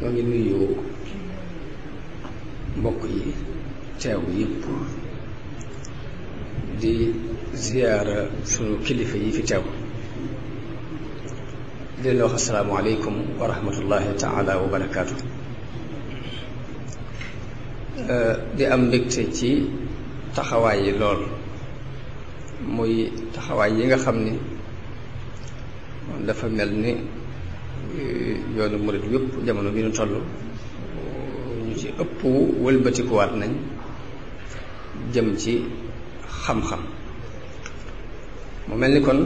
ñoo ngi nuyu mbokk yi teew yëpp di ziyaara sunu kilifa yi fi teew di leen wax asalaamaaleykum wa rahmatullahi taala wa barakaatu eh, di am mbégte ci taxawaay yi lool muy taxawaay yi nga xam ni dafa mel ni eh, yoonu murit yëpp jamono bi ñu toll ñu ci ëpp wëlbatikuwaat nañ jëm ci xam-xam mu mel ni kon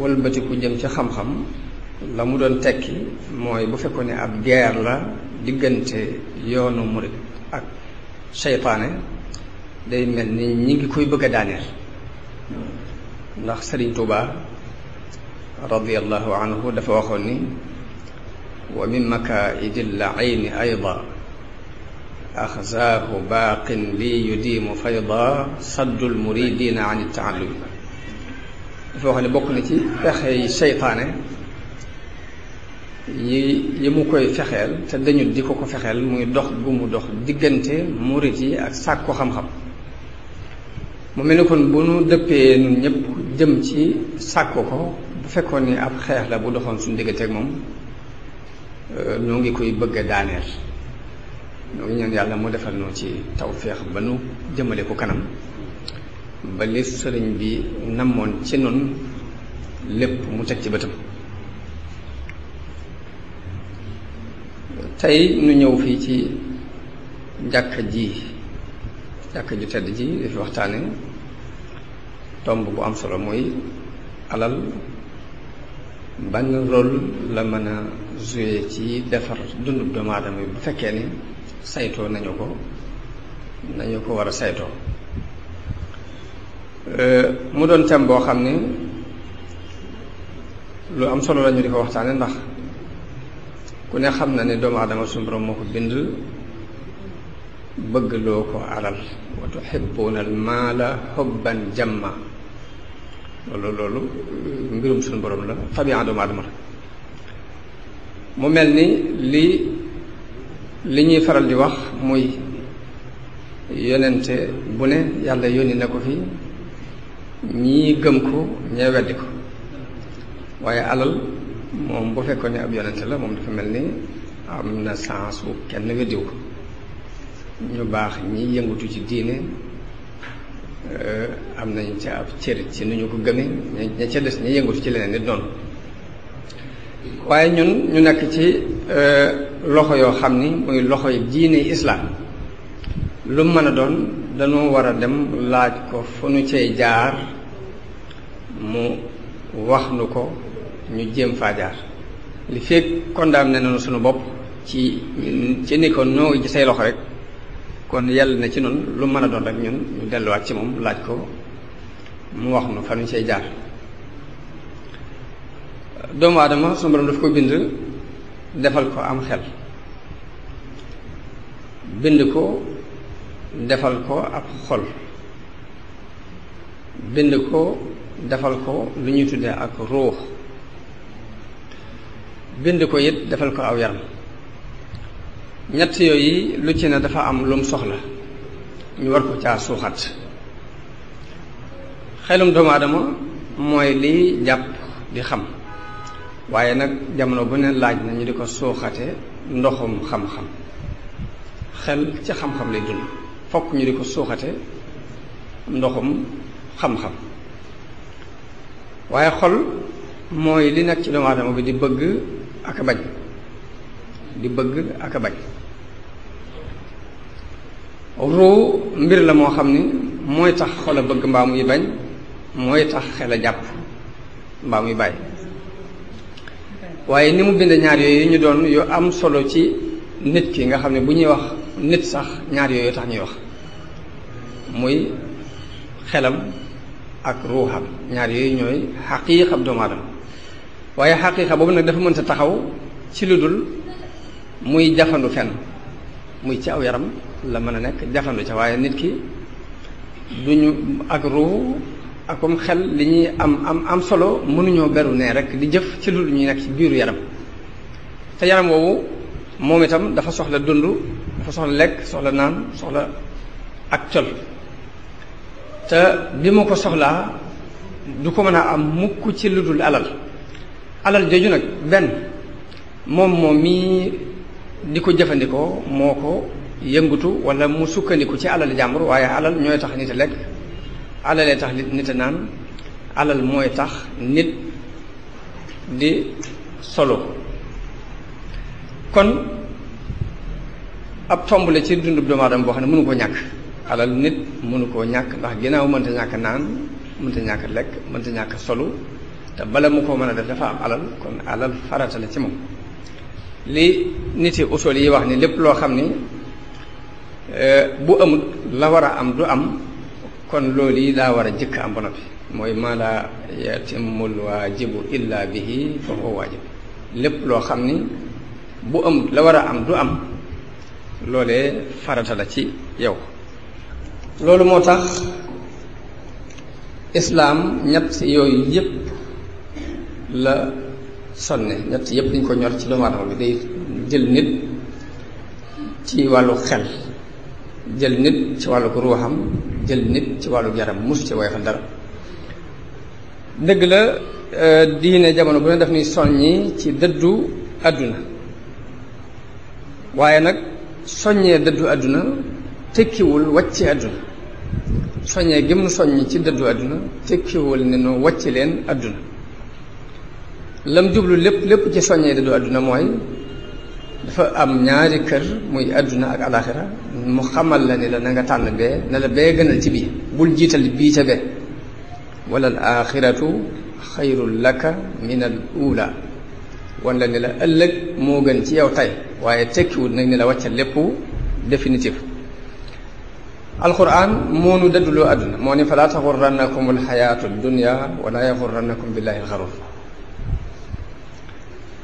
wëlbatiku jëm ci xam-xam la mu doon tekki mooy bu fekkoon ne ab guerre la diggante yoonu murit ak seytaane day mel ni ñi ngi koy bëgg a daaneel ndax Sëriñ Tuubaa radiyallahu anhu dafa waxoon ni wa min makaidi llacini ayda axzaahu baaqin li yudiimu fayda saddu lmuridina an ittaallumi dafa wax ne bokk na ci fexey seytaane yi yi mu koy fexeel te dañu di ko fexeel muy dox gu mu dox diggante murit yi ak sàkku xam-xam mu mel ni kon bu nu dëppee ñun ñëpp jëm ci sàkku ko bu fekkoon ni ab xeex la bu doxoon suñu diggante ak moom ñoo euh, ngi koy bëgg a daaneel ñoo ngi ñaan yàlla moo defal noo ci tawféex ba nu jëmale ko kanam ba li sëriñ bi namoon ci noonu lépp mu teg ci bëtam tey nu ñëw fii ci jàkka ji jàkka ju tedd ji dafi waxtaane tomb bu am solo mooy alal ban rôle la mën a joué ci defar dundu doomu aadama bu fekkee ne saytoo nañu ko nañu ko war a saytoo euh, mu doon thème boo xam ne lu am solo lañu di ko waxtaane ndax ku ne xam na ne doomu aadama suñu borom moo ko bind bëgg loo ko alal wa tuhibbuuna al maala hubban jamma loolu loolu euh, mbirum suñu borom la tabian doomu aadama mu mel ni li li ñuy faral di wax muy yonente bu ne yàlla yónni na ko fi ñii gëm ko ñee weddi ko waaye alal moom bu fekkoon ni ab yonente la moom dafa mel ni am na sens bu kenn weddiwu ko ñu baax ñi yëngatu ci diine Euh, am nañ ca ab cër ci nu ñu ko gëmee ña ca des ña yëngatu ci leneen nit noonu waaye ñun ñu nekk ci euh, loxo yoo xam ni muy loxo yi diine islaam lu mën a doon dañu war a dem laaj ko fu nu cee jaar mu wax nu ko ñu jéem faa jaar li fekk ne nañu sunu bopp ci ci ni ko noo ci say loxo rek kon yàlla na ci noonu lu mën a doon rek ñun ñu delluwaat ci moom laaj ko mu wax nu fa nu cay jaar doomu aadama sunu borom daf ko bind defal ko am xel bind ko defal ko ab xol bind ko defal ko lu ñuy tuddee ak ruux bind ko yit defal ko aw yaram ñett yi lu ci ne dafa am lum soxla ñu war ko caa suuxat xelum doomu aadama mooy liy jàpp di xam waaye nag jamono bu ne laaj na ñu di ko suuxate ndoxum xam-xam ci xam-xam lay di ko suuxate ndoxum xam waaye xol mooy li nekk ci doomu aadama bi di bëgg ak bañ di bëgg aka bañ ruu mbir la moo xam ni mooy tax xol a bëgg mbaa yi bañ mooy tax xel a jàpp mbaa muy bàyyi waaye ni mu bind ñaar yooyu ñu doon yu am solo ci nit ki nga xam ne bu ñuy wax nit sax ñaar yooyu tax ñuy wax muy xelam ak ruuxam ñaar yooyu ñooy xaqiiqa xam aadama waaye xaqiiqa boobu nag dafa mën mënta taxaw ci lu dul muy jafandu fenn muy ci aw yaram la mën a nekk jafandu ca waaye nit ki duñu ak ruuxu akum xel li ñuy am am am solo mënuñoo beru ne rek di jëf ci lu ñuy nekk ci biiru yaram te yaram woowu moom itam dafa soxla dundu dafa soxla lekk soxla naan soxla ak col te bi mu ko soxlaa du ko mën a am mukk ci lu dul alal alal jooju nag benn moom moom mii di ko jëfandikoo moo ko yëngatu wala mu sukkandiku ci alal jàmbur waaye alal ñooy tax nit a lekk alalee tax nit a naan alal mooy tax nit di solo kon ab tomb la ci dundub doomu aadama boo xam ne mënu koo ñàkk alal nit mënu koo ñàkk ndax ginnaaw mënta ñàkk naan mënta ñàkk lekk mënta ñàkk solo te bala mu ko mën a def dafa am alal kon alal farata la ci moom li nit yi yi wax ni lépp loo xam ni euh, bu amul la war a am du am kon loolu yi daa war a jëkk am ba mooy maa laa yatimul waajibu illa bihi fa waajib lépp loo xam ni bu amul la war a am du am loolee farata la ci yow loolu moo tax islaam ñett yooyu yépp la sonne ñett yépp dañ ko ñor ci doomu aadama bi day jël nit ci wàllu xel jël nit ci wàllu ruuxam jël nit ci wàllu yaram mosu ci woyofal dara dëgg la euh, diine jamono bu ne daf ni soññi ci dëddu àdduna waaye nag soññee dëddu àdduna tekkiwul wàcce àdduna soññee gëm nu soññi ci dëddu àdduna tekkiwul ne nu wàcc leen àdduna lam djublu lépp lépp ci soññee da do aduna moy dafa am ñaari kër muy aduna ak alakhirah mu xamal la ni la nga tan be na la be gënal ci bi bul jital bi ca be wala al akhiratu xayrul laka min al ula won la ni la ëlëk mo gën ci yow tay waye tekki wu nak ni la wàcca lépp définitif alquran moo nu dëdduloo àdduna moo ni falaa taxurrannakum alxayaatu dunya wala yaxurrannakum billahi alxarur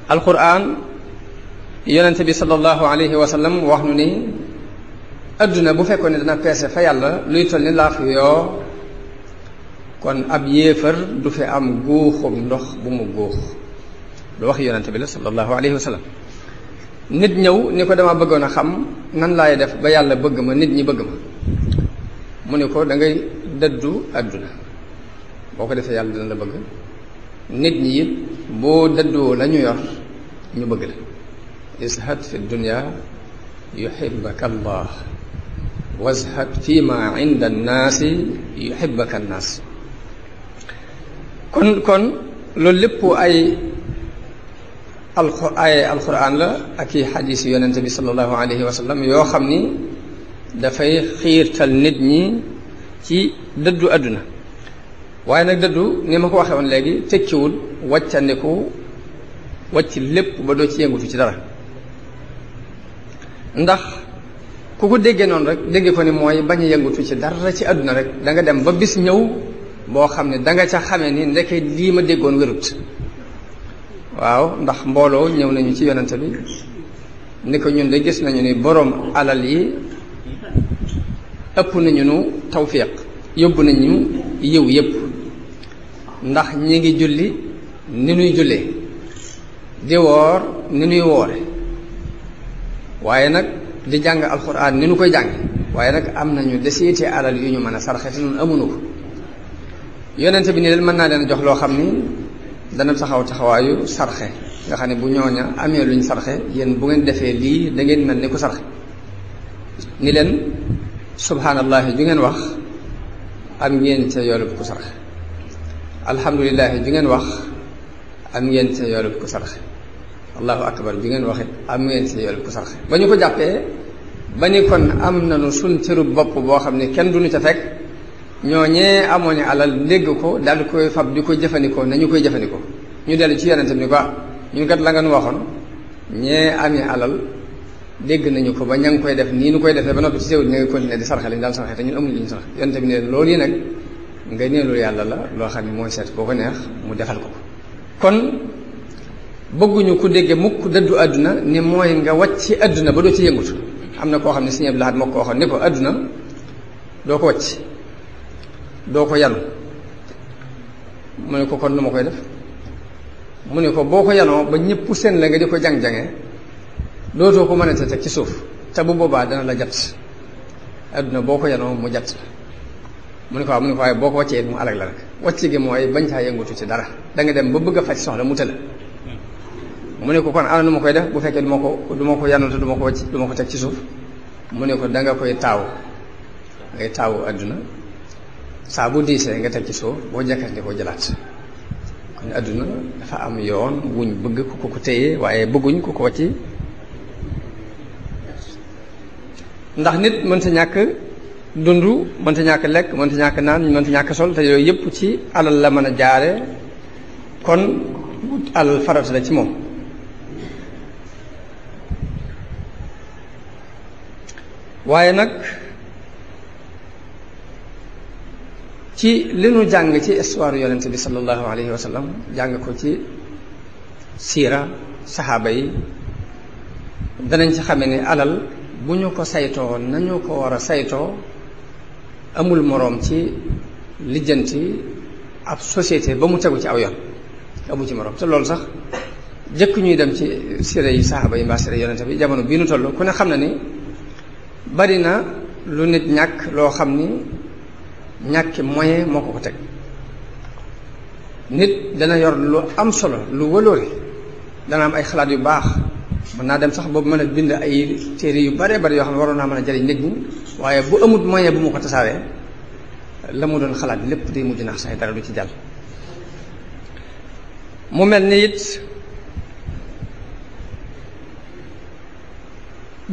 alquran yonente bi sallallahu alayhi wa sallam wax nu ni adduna bu fekkoon ne dana peese fa yàlla luy toll ni laaf yoo kon ab yéefar du fi am guuxum ndox bu mu guux lu wax yonente bi la sallallahu alayhi wa sallam nit ñëw ni ko dama bëggoon a xam nan laay def ba yàlla bëgg ma nit ñi bëgg ma mu ne ko dangay ngay dëddu adduna boo ko defee yàlla dina la bëgg nit ñi it boo dëddoo la ñu yor ñu bëgg la izhad fi dunya yuhibbaka allah wazhad fi ma inda annaasi yuhibbaka annaas kon kon loolu lépp ay alqur ay alquran la ak i xadis yu yonente bi salallahu alayhi wa sallam yoo xam ni dafay xiirtal nit ñi ci dëddu àdduna waaye nag dëddu ni ma ko waxee woon léegi tekkiwul wàccandiku wàcc lépp ba doo ci yëngutu ci dara ndax ku ko déggee noonu rek déggee ko ni mooy bañ yëngutu ci dara ci àdduna rek danga dem ba bis ñëw boo xam ne danga ca xamee ni ndeke lii ma déggoon wérut waaw ndax mbooloo ñëw nañu ci yonante bi ni ko ñun de gis nañu ni boroom alal yi ëpp nañu nu tawfiq yóbbu nañu yiw yëpp ndax ñi ngi julli ni nuy julle di woor ni nuy woore waaye nag di jàng alquran ni nu koy jàng waaye nag am nañu desiyete alal yu ñu mën a sarxe nun amunu ko yonente bi ni leen mën naa leen jox loo xam ni dana taxaw taxawaayu sarxe nga xam ne bu ñooña amee luñ sarxe yéen bu ngeen defee lii da ngeen mel ni ku sarxe ni leen subhanallah ju ngeen wax am ngeen ca yoolub ku sarxe alhamdulilahi ju ngeen wax am ngeen sa yoolu ko sarxe allahu akbar bi ngeen waxit am ngeen sa yoolu ko sarxe ba ñu ko jàppee ba ni kon am nañu suñ cëru bopp boo xam ne kenn du duñu ca fekk ñooñee amoon alal ndégg ko daal di koy fab di ko jëfandikoo ñu koy jëfandikoo ñu dellu ci yonente bi ni ko ñun kat la nga waxoon ñee amee alal dégg nañu ko ba ña ngi koy def nii nu koy defee ba noppi ci teewul ñu ngi continuer di sarxale ñu daal sarxe te ñun amuñu li ñu sarxe bi ne loolu yi nag nga neelu yàlla la loo xam ne mooy seet koo ko neex mu defal ko kon bëgguñu ku déggee mukk dëddu àdduna ni mooy nga wàcc àdduna ba doo ci yëngut am na koo xam ne si Abdou laa moo ko waxoon ne ko àdduna doo ko wàcc doo ko yanu mu ne ko kon nu ma koy def mu ne ko boo ko yanoo ba ñëpp seen la nga di ko jàng-jange dootoo ko mën a teg ci suuf te bu boobaa dana la jat àdduna boo ko yanoo mu jat mu ne ko waaw mu ne ko waaye boo ko wàccee mu alag la rek wàcc gi mooy bañ caa yëngatu ci dara da dem ba bëgg a faj soxla mu tëla mu ne ko kon ana nu ma koy def bu fekkee du ko du ko yànnal duma du ma ko wàcc du ko teg ci suuf mu ne ko danga koy taaw ngay taawu àdduna saa bu diisee nga teg ci suuf boo jëkkante ko jëlaat kon àdduna dafa am yoon wuñ bëgg ku ko téye waaye bëgguñ ku ko wàcc ndax nit mën sa ñàkk dund mënta ñàkk lekk mënta ñàkk naan mënta ñàkk sol te yooyu yëpp ci alal la mën a jaare kon alal farata la ci moom waaye nag ci li nu jàng ci histoire yonent bi sallallahu alayhi wa ko ci siira saxaaba danañ ci xame ni alal bu ñu ko saytoo nañu ko war a saytoo amul moroom ci lijjanti ab société ba mu tegu ci aw yoon amu ci moroom te loolu sax jëkk ñuy dem ci sire saaba saxaaba yi mbaa sire yonente bi jamono bii nu toll ku ne xam na ni bari na lu nit ñàkk loo xam ni ñàkki moyen moo ko ko teg nit dana yor lu am solo lu wëloori dana am ay xalaat yu baax mën naa dem sax boobu mën a bind ay téere yu bare bari yoo xam ne waroon naa mën a jariñ nit ñi waaye bu amut moyen bu mu ko tasaawee la mu doon xalaat lépp day mujj naax sax dara du ci jal mu mel ni it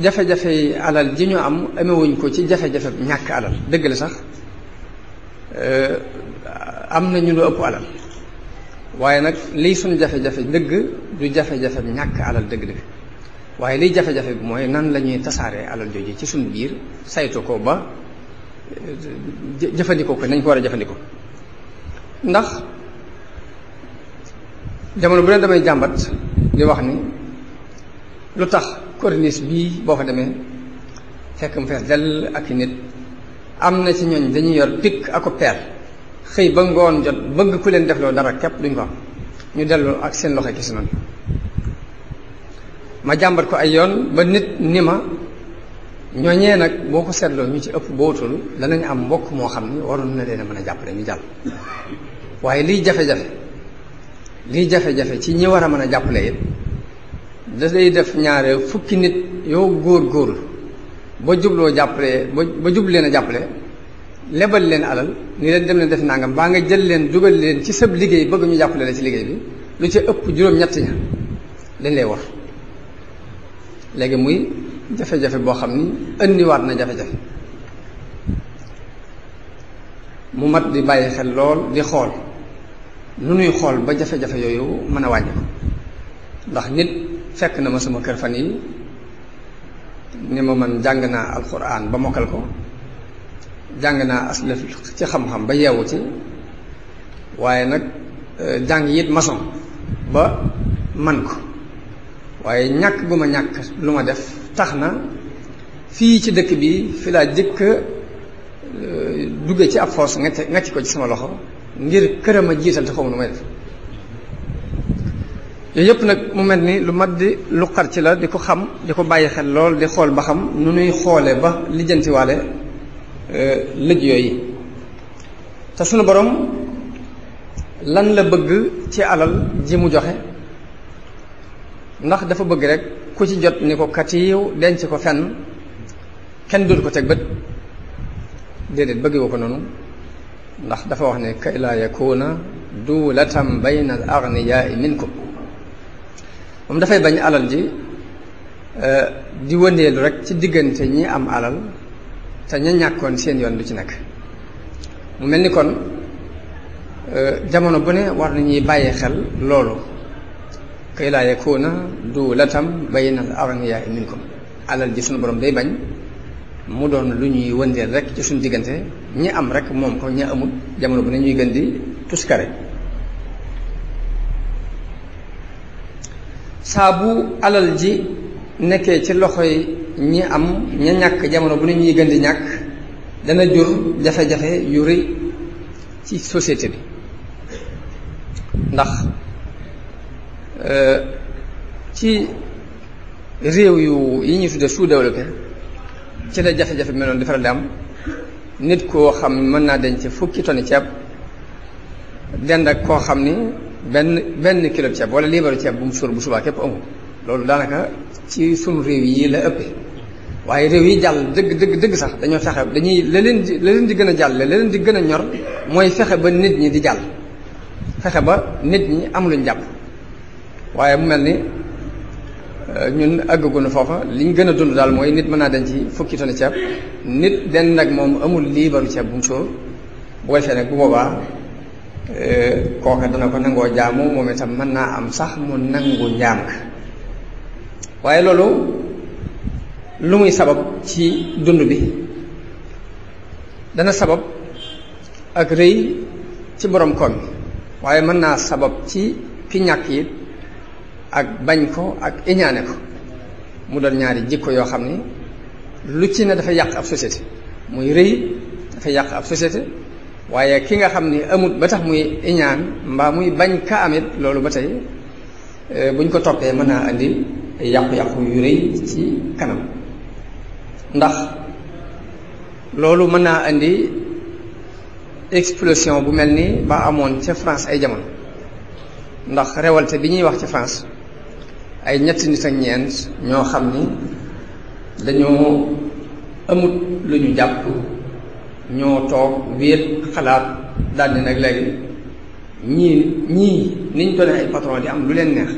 jafe-jafe alal ji ñu am amewuñ ko ci jafe-jafe ñàkk alal dëgg la sax eh, am na lu ëpp alal waaye nag lii suñu jafe-jafe du jafe ñàkk alal dëgg waaye liy jafe-jafe bi mooy nan la ñuy tasaaree alal jooju ci suñu biir saytu ko ba jëfandikoo ko nañ ko war a jëfandikoo ndax jamono bu ne damay jàmbat di wax ni lu tax corniche bii boo fa demee fekk mu fees dell ak nit am na ci ñooñ dañuy yor pikk ak peer xëy ba ngoon jot bëgg ku leen defloo dara képp duñ ko am ñu dellu ak seen loxo kese noonu ma jàmbat ko ay yoon ba nit ni ma ñooñee nag boo ko seetloo ñu ci ëpp bootul danañ am mbokk moo xam ne waroon na leen a mën a jàppale ñu jàll waaye liy jafe-jafe liy jafe-jafe ci ñi war a mën a jàppale it da day def ñaare fukki nit yow góor góorlu ba jubloo jàppale ba ba jub leen a jàppale lebal leen alal ni leen dem leen def nangam baa nga jël leen dugal leen ci sab liggéey bëgg ñu jàppale la ci liggéey bi lu ci ëpp juróom-ñett ña dañ lay war léegi muy jafe-jafe boo xam ni indiwaat na jafe-jafe mu mat di bàyyi xel lool di xool nu nuy xool ba jafe-jafe yooyu mën a wàññi ndax nit fekk na ma sama kër fan yi ni ma man jàng naa alxuraan ba mokkal ko jàng naa aslaf ci xam-xam ba yeewu ci waaye nag eh, jàng yit maçon ba man ko waaye ñàkk gu ma ñàkk lu ma def tax na fii ci dëkk bi fi laa jëkk euh, dugge ci ab force ngacc ngacc ko ci sama loxo ngir këram a jiital te xaw ma nu may def yooyu yëpp nag mu mel ni lu mat di lu ci la di ko xam di ko bàyyi xel lool di xool ba xam nu nuy xoole ba lijjantiwaale euh, lëj yooyu te sunu borom lan la bëgg ci alal ji mu joxe ndax dafa bëgg rek ku ci jot ni ko katiiw denc ko fenn kenn dootu ko teg bët déedéet bëggewu ko noonu ndax dafa wax ne kay laa yakuna duulatam bayna al agniyaai minkum moom dafay bañ alal ji e, di wëndeelu rek ci diggante ñi am alal te ña ñàkkoon seen yoon du ci nekk mu mel ni kon e, jamono bu ne war na ñuy bàyyi xel loolu kay laa yakuna duulatan baynal aghniyaa ko alal ji suñu borom bay bañ mu doon lu ñuy wëndeel rek ci suñu diggante ñi am rek moom ko ñi amul jamono bu ne ñuy gën di tuskare saa bu alal ji nekkee ci loxoy ñi am ña ñàkk jamono bu ne ñuy gën di ñàkk dana jur jafe-jafe yu rëy ci société bi ndax Euh, ci réew yu yi ñu tudde sous-développé ci la jafe-jafe meloon defaral di am nit koo xam mën naa denc fukki tonni ceeb dend ak koo xam ni benn benn kilo ceeb wala liibaru ceeb bu mu suur bu subaa képp amul loolu daanaka ci sunu réew yi la ëppee waaye réew yi jàll dëgg dëgg dëgg sax dañoo fexe dañuy la leen di la leen di gën a jàll la leen di gën a ñor mooy fexe ba nit ñi di jàll fexe ba nit ñi am luñ jàpp waaye mu mel ni euh, ñun àggagunu foofa li ñu gën a dund daal mooy nit mën naa ci fukki tonne ceeb nit den nag moom amul liibaru ceeb bu mu sóor bu ko defee nag bu boobaa euh, kooka dana ko nangoo jaamu moom itam mën naa am sax mu nangu njaam ka waaye loolu lu muy sabab ci dund bi dana sabab ak rëy ci borom koom waaye mën naa sabab ci ki ñàkk it ak bañ ko ak iñaane ko mu doon ñaari jikko yoo xam ni lu ci ne dafa yàq ab société muy rëy dafa yàq ab société waaye ki nga xam ni amut ba tax muy iñaan mbaa muy bañ kaa amit loolu ba tey euh, buñ ko toppee mën naa andi yàqu-yàqu yu rëy ci kanam ndax loolu mën naa andi explosion bu mel ni ba amoon ca France ay jamono ndax révolte bi ñuy wax ci France ay ñetti ni ak ñeent ñoo xam ni dañoo amut lu ñu jàpp ñoo toog wéet xalaat di nag léegi ñii ñii niñ doone ay patron di am lu leen neex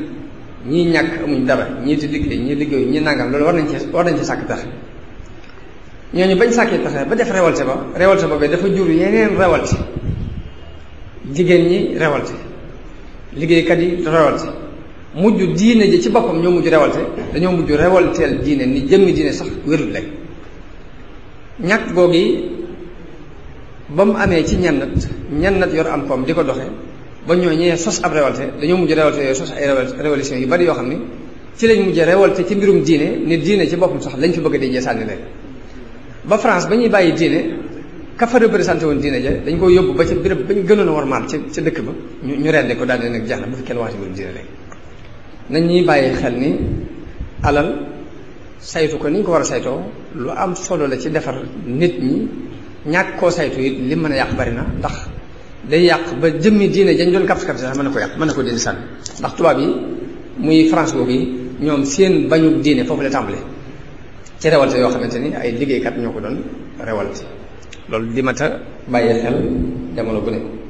ñii ñàkk amuñ dara ñii di liggéey ñii liggéey ñii nangam loolu war nañ ci war nañ ci sàkk pexe ñooñu bañ sàkkee pexe ba def révolte ba révolte ba dafa jur yeneen révolte jigéen ñi révolte liggéeykat yi révolte mujj diine ji ci boppam ñoo mujj rewalte dañoo mujj rewalteel diine ni jëmmi diine sax wérul léegi ñàkk googi ba mu amee ci ñennat ñennat yor am koom di ko doxe ba ñoo ñee sos ab rewalte dañoo mujj rewalte yooyu sos ay révolution yu bari yoo xam ne ci lañ mujj rewalte ci mbirum diine ni diine ci boppam sax lañ fi bëgg déjee sànni léegi ba France ba ñuy bàyyi diine ka fa représenté woon diine ja dañ ko yóbbu ba ca béréb bañ gënoon a war maal ca ca dëkk ba ñu ñu rende ko daal di nag jeex na bu nañ ñuy bàyyi xel ni alal saytu ko ni ñu ko war a saytoo lu am solo la ci defar nit ñi ñàkk koo saytu it li mën a yàq bari na ndax day yàq ba jëmmi diine jañ doon kapsi kapsi sax mën na ko yàq mën na ko dindi sànni ndax tubaab yi muy France boobu yi ñoom seen bañu diine foofu la tàmbale ci rewalte yoo xamante ni ay liggéeykat ñoo ko doon rewalte loolu di ma ta bàyyi xel jamono bu ne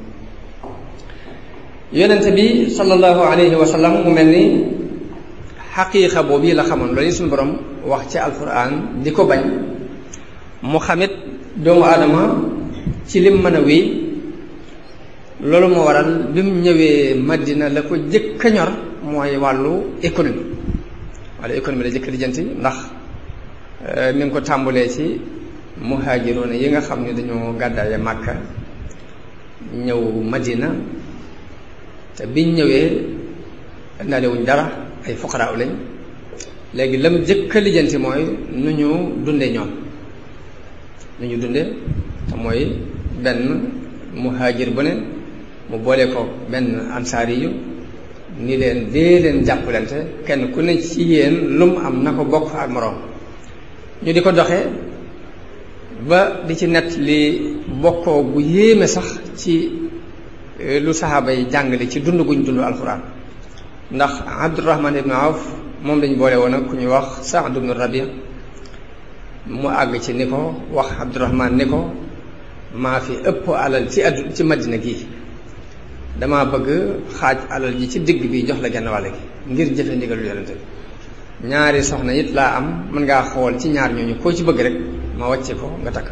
yonente bi sallallahu alayhi wa sallam mu mel ni xaqiiqa boobu yi la xamoon loolu suñu borom wax ci alquran di ko bañ mu xamit doomu aadama ci lim mën a wéy loolu moo waral bi mu ñëwee Madina la ko jëkk a ñor mooy wàllu économie wala économie la jëkk lijjanti ndax mi euh, ngi ko tàmbulee ci muhaajiroona yi nga xam ne dañoo gàddaaye Màkka ñëw Madina te biñ ñëwee ndalewuñ dara ay fuqaraaw lañ léegi lam jëkk a lijjanti mooy nu ñu dunde ñoom nu ñu dunde te mooy benn muhaajir bu ne mu boole ko benn ansaari yu ni leen dee leen jàppalante kenn ku ne ci yéen lum am na ko bokk ak moroom ñu di ko doxe ba di ci nett li bokkoo bu yéeme sax ci Euh, lu saxaaba yi jàngale ci dund guñ dund alxuraan ndax abdurahman ibnu awf moom lañ boole woon ak ku ñuy wax saad ibnu rabi mu àgg ci ni ko wax abdurahman ni ko maa fi ëpp alal ci addu ci madina gi dama bëgg xaaj alal ji ci digg bi jox la genn wàll gi ngir jëfe ndigalu yonente ñaari soxna it laa am mën ngaa xool ci ñaar ñooñu koo ci bëgg rek ma wàcce ko nga takk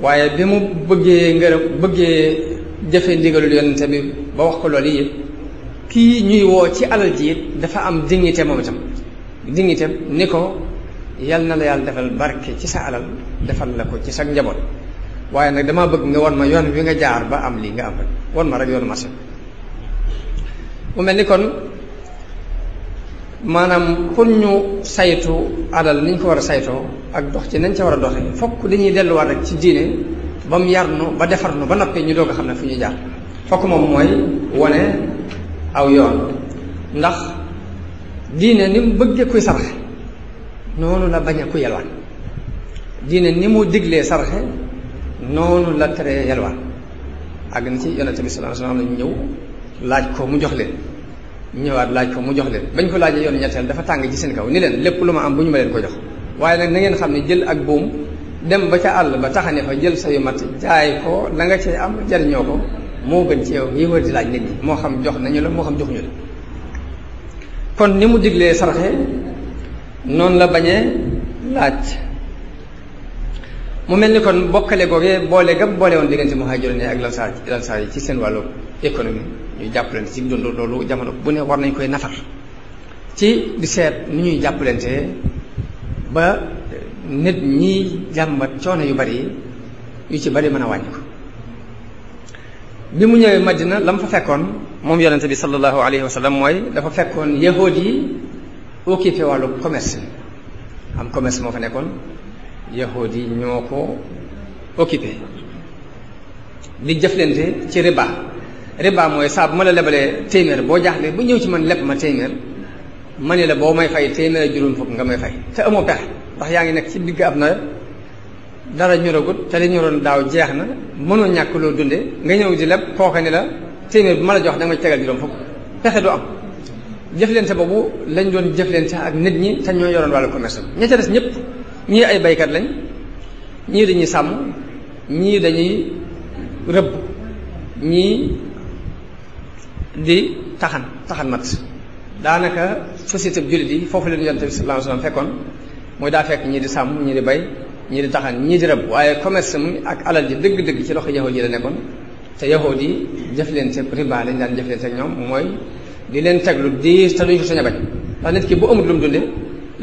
waaye bi mu bëggee ngërëm bëggee jëfe ndigalul yonent bi ba wax ko loolu yëpp kii ñuy woo ci alal ji it dafa am dignité moom itam dignité ni ko yal na la yàlla defal barke ci sa alal defal la ko ci sa njaboot waaye nag damaa bëgg nga won ma yoon wi nga jaar ba am lii nga am rek won ma rek yoonu marché mu mel ni kon maanaam pour ñu saytu alal ni ñu ko war a saytoo ak dox ci nañ ca war a doxe fokk ñuy delluwaat rek ci diine ba mu yar nu ba defar nu ba noppi ñu doog a xam ne fu ñu jaar fokk moom mooy wone aw yoon ndax diine ni mu bëggee kuy sarxe noonu la bañ a ku yelwaan diine ni mu diglee sarxe noonu la tere yelwaan àgg na ci yonente bi sallallahu alayhi wasallam ñëw laaj ko mu jox leen ñëwaat laaj ko mu jox leen bañ ko laajee yoon ñetteel dafa tàng ci seen kaw ni leen lépp lu ma am bu ñu ma leen ko jox waaye nag na xam ne jël ak buum dem ba ca àll ba taxane fa jël sa yu mat jaay ko la nga cay am jariñoo ko moo gën ci yow ngi wër di laaj nit moo xam jox nañu la moo xam joxuñu la kon ni mu diglee saraxe noonu la bañee laaj mu mel ni kon bokkale googee boole gam boole woon diggante muhaajiriin ak lansaar lansaar yi ci seen wàllu économie ñu jàppalante ci dund loolu jamono bu ne war nañ koy nafar ci di seet nu ñuy jàppalante ba nitñi jàmbat coono yu bari yu ci bari mën a wàññiku bi mu ñëwee madina la mu fa fekkoon moom yonente bi sallallahu alayhi wa sallam mooy dafa fekkoon yahood yi occupé wàllu commerce am commerce moo fa nekkoon yahood yi ñoo ko occupé di jëflante ci riba riba mooy saa bu ma la lebalee téeméer boo jaaxle bu ñëw ci man leb ma téeméer ma ne la boo may fay téeméer juróom fukk nga may fay te amoo pexe ndax yaa ngi nekk ci digg na nawet dara ñoragut te li ñoroon daaw jeex na mënoo ñàkk loo dunde nga ñëw di leb kooka ni la téeméer bu ma la jox da nga tegal juróom pexe du am jëflante boobu lañ doon jëflante ak nit ñi te ñoo yoroon wàllu commerce bi des ñëpp ñii ay baykat lañ ñii dañuy sàmm ñii dañuy rëbb ñii di taxan taxan mat daanaka société bi jullit yi foofu leen yonent bi sallallahu alayhi wa fekkoon mooy daa fekk ñii di sàmm ñii di bay ñii di taxan ñii di rëbb waaye commerce mi ak alal ji dëgg-dëgg ci loxo yahood yi la nekkoon te yahood yi jëflante riba lañ daan jëflante ak ñoom mooy di leen teglu di diis te duñ ko sañ a bañ ndax nit ki bu amul lu mu dundee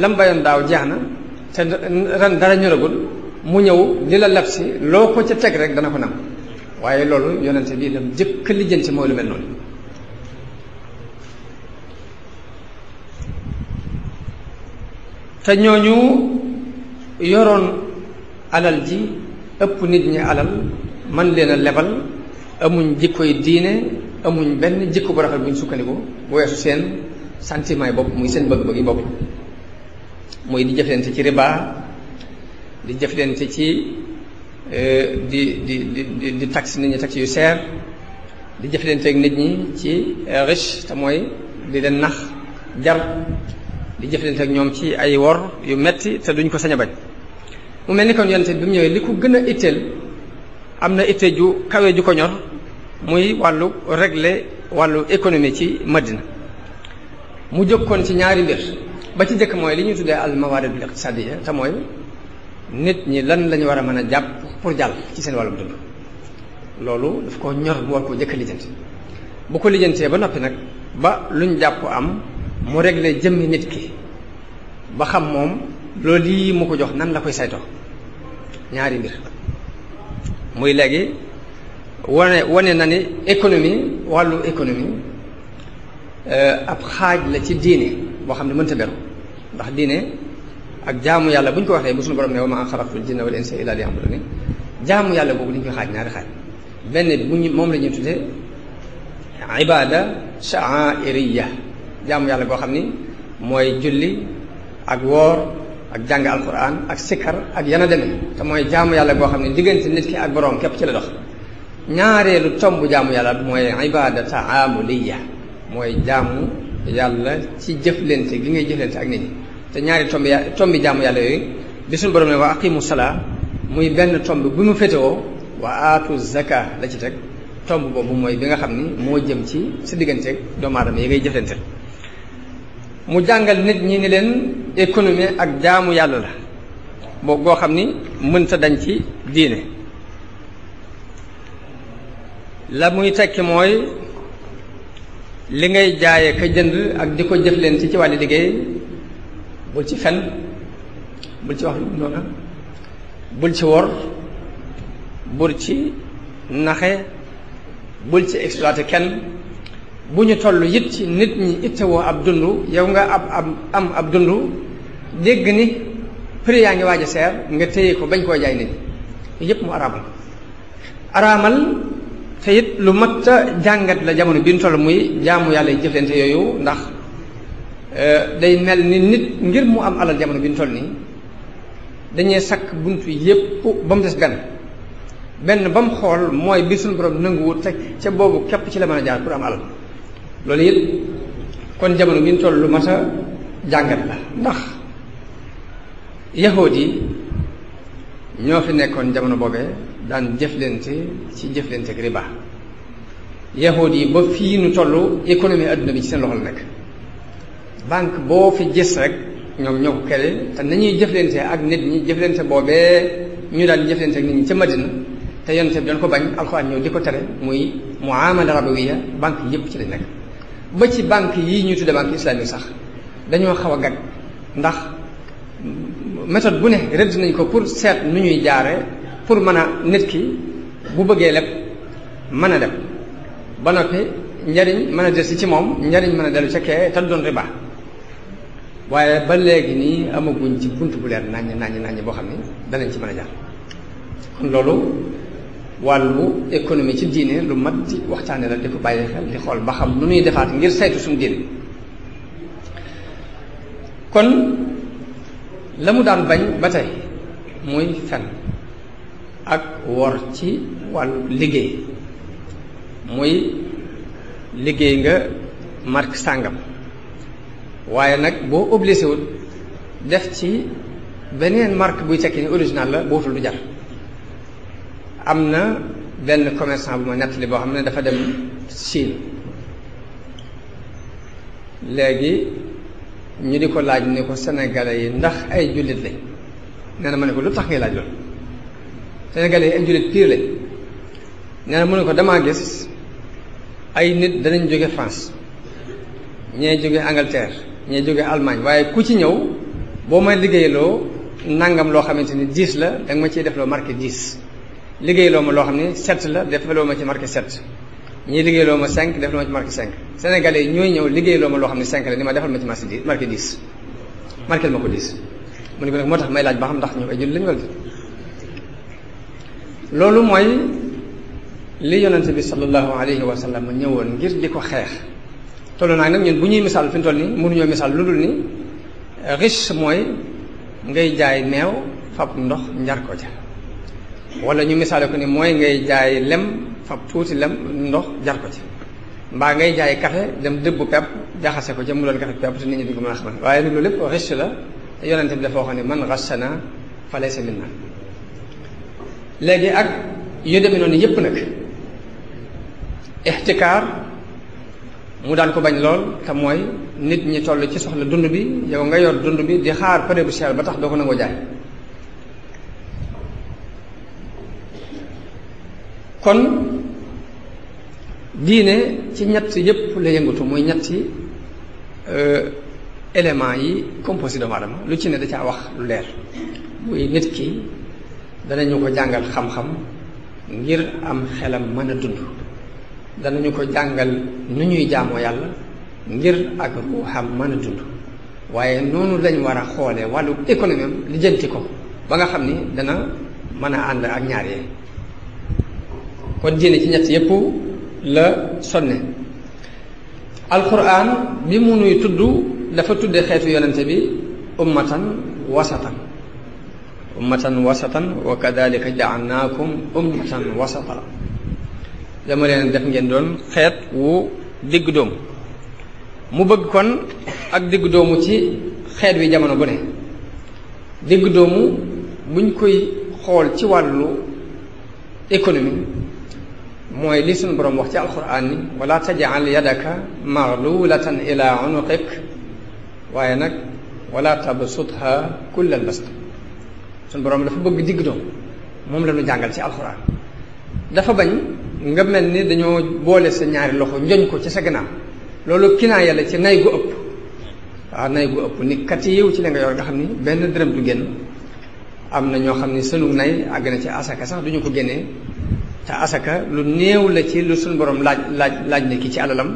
lam bayoon daaw jeex na te ren dara ñoragul mu ñëw di la lab si loo ko ca teg rek dana ko nam waaye loolu yonente bi dam jëkk lijjanti mooy lu mel noonu te ñooñu yoroon alal ji ëpp nit ñi alal man leen a lebal amuñ jikkoy diine amuñ benn jikko bu rafet buñ sukkandiku bu weesu seen sentiment yi bopp muy seen bëgg-bëgg yi bopp muy di jëflante ci riba di jëflante ci euh, di di di di tax nit ñi tax yu seer di jëflante ak nit ñi ci riche te mooy di leen nax jar di jëflante ak ñoom ci ay wor yu metti te duñ ko sañ a bañ mu mel ni kon yonent bi mu ñëwee li ko gën a itteel am na itte ju kawe ju ko ñor muy wàllu régler wàllu économie ci Madina mu jëkkoon ci ñaari mbir ba ci jëkk mooy li ñu tuddee al mawaridul iqtisadiya te mooy nit ñi lan lañu war a mën a jàpp pour jàll ci seen wàllum dund loolu daf ko ñor mu war koo jëkk lijjanti bu ko lijjantee ba noppi nag ba luñ jàpp am mu réglé jëmmi nit ki ba xam moom loolu lii mu ko jox nan la koy saytoo ñaari mbir muy léegi wane wane na ni économie wàllu économie euh, ab xaaj la ci diine boo xam ne mënta beru ndax diine ak jaamu yàlla bu ñu ko waxee bu suñu borom ne wa ma xalaqtul jinna wal insa illa yàlla boobu li ñu koy xaaj ñaari xaaj benn bu ñu moom la ñuy tuddee ibada sha'airiyya jaamu yàlla goo xam ni mooy julli ak woor ak jàng alquran ak sikkar ak yana demee te mooy jaamu yàlla goo xam ne diggante nit ki ak boroom képp ci la dox ñaareelu tomb jaamu yàlla mooy ibada taamuliya mooy jaamu yàlla ci jëflante gi ngay jëflante ak nit ñi te ñaari tomb tombi jaamu yàlla yooyu bi suñu borom ne wa aqimu salaa muy benn tomb bi mu fétewoo wa aatu zaka la ci teg tomb boobu mooy bi nga xam ni moo jëm ci si digganteeg doomu aadama yi ngay jëflante mu jàngal nit ñi ni leen économie ak jaamu yàlla la boo goo xam ni mën sa dañ ci diine la muy tekki mooy li ngay jaaye ka jënd ak di ko jëflante ci wàllu liggéey bul ci fen bul ci wax lu noona bul ci wor bul ci naxe bul ci exploité kenn bu ñu toll it ci nit ñi ittewoo ab dund yow nga ab ab am ab dund dégg ni prix yaa ngi waaj a seer nga téye ko bañ koy jaay nit ñi yëpp mu araamal araamal te it lu mat ca jàngat la jamono bi ñu toll muy jaamu yàlla yi jëflante yooyu ndax euh, day mel ni nit ngir mu am alal jamono bi ñu toll nii dañuy sakk bunt yépp ba mu des benn benn ba mu xool mooy bi suñu borom nanguwut te ca boobu képp ci la mën a jaar pour am alal loolu yëpp kon jamono gi ñu toll lu mat jàngat la ndax yahood yi ñoo fi nekkoon jamono boobee daan jëflante ci jëflante ak riba yahood yi ba fii nu toll économie adduna bi ci seen loxo la nekk banque boo fi gis rek ñoom ñoo ko kere te nañuy jëflante ak nit ñi jëflante boobee ñu daan jëflante ak nit ñi ca Madina te yonte bi doon ko bañ alxuraan ñëw di ko tere muy muamala rabawiya banque yëpp ci la nekk ba ci banque yi ñu tudde banque islamique sax dañoo xaw a gag ndax méthode bu ne rëdd nañ ko pour seet nu ñuy jaare pour mën a nit ki bu bëggee leb mën a dem ba noppi njariñ mën a delsi ci moom njariñ mën a dellu ca kee te doon riba waaye ba léegi nii amaguñ ci bunt bu leer naññ naññ naññ boo xam ni danañ ci mën a jaar kon loolu wàllu économie ci diine lu mat di waxtaane la di ko bàyyi xel ni xool ba xam lu ñuy defaat ngir saytu suñu diine kon la mu daan bañ ba tey muy fen ak wor ci wàllu liggéey muy liggéey nga marque sàngam waaye nag boo obligé wul def ci beneen marque buy tekki ni original la bootul lu jar am na benn commerçant bu ma nettali boo xam ne dafa dem Chine léegi ñu di ko laaj ne ko sénégalais yi ndax ay jullit lañ nee na ma ne ko lu tax ngay laaj loolu sénégalais yi ay jullit pire lañ nee na ne ko damaa gis ay nit danañ jóge France ñee jóge Angleterre ñee jóge Allemagne waaye ku ci ñëw boo may liggéeyaloo nangam loo xamante ni 10 la danga ma ciy def loo marqué 10 liggéeyloo ma loo xam ne set la defaloo ma ci marqué sept ñii liggéeyloo ma cinq defaloo ma ci marqué cinq sénégalais yi ñooy ñëw liggéeyloo ma loo xam ne cinq la ni ma defal ma ci marqué dix marqué dix ma ko dix ko moo tax may laaj ba xam ndax ñoom ay jullit lañu wala loolu mooy li yonente bi sallallahu alayhi wa sallam ñëwoon ngir di ko xeex tollu naa nag ñun bu ñuy misaal fi mu toll nii mënuñoo misaal lu dul ni riche mooy ngay jaay meew fab ndox njar ko ca wala ñu misaale ko ni mooy ngay jaay lem fab tuuti lem ndox jar ko ci mbaa ngay jaay kafe dem dëbbu pepp jaxase ko ca mu doon kafe pepp te nit ñi duñ ko mën a xamal waaye nag loolu lépp riche la yonente bi dafa wax ne man rassana fa laysa minna léegi ak yu deme noonu yépp nag ixtikaar mu daan ko bañ lool te mooy nit ñi toll ci soxla dund bi yow nga yor dund bi di xaar période bu cher ba tax doo ko nangoo jaay kon diine ci ñett yépp la yëngatu muy ñetti euh, éléments yi composé doomu aadama lu ci ne da wax lu leer muy nit ki danañu ko jàngal xam-xam ngir am xelam mën a dund danañu ko jàngal nu ñuy jaamoo yàlla ngir ak ruuxam mën a dund waaye noonu lañ war a xoole wàllu économie am lijjanti ko ba nga xam ni dana mën a ànd ak ñaar yee kon diine ci ñett yépp la sonne alquran bi mu nuy tudd dafa tudd xeetu yonente bi ummatan wasatan ummatan wasatan wa kadalika jaalnaakum ummatan wasata dama leen def ngeen doon xeet wu digg doomu mu bëgg kon ak digg doomu ci xeet wi jamono bu ne digg doomu buñ koy xool ci wàllu économie mooy li suñu borom wax ci alxuraan ni wala tajal yadaka maglulatan ila unuqik waaye nag wala tabsutha kullal bast suñu boroom dafa bëgg digg doom moom la ñu jàngal ci alxuraan dafa bañ nga mel ni dañoo boole sa ñaari loxo njoñ ko ci sa gannaaw loolu kinaa yàlla ci nay gu ëpp waaw nay gu ëpp ni kat yiw ci li nga yor nga xam ni benn dërëm du génn am na ñoo xam ni sënu nay àgg na ci asaka sax duñu ko génnee te asaka lu néew la ci lu suñ borom laaj laaj laaj na ki ci alalam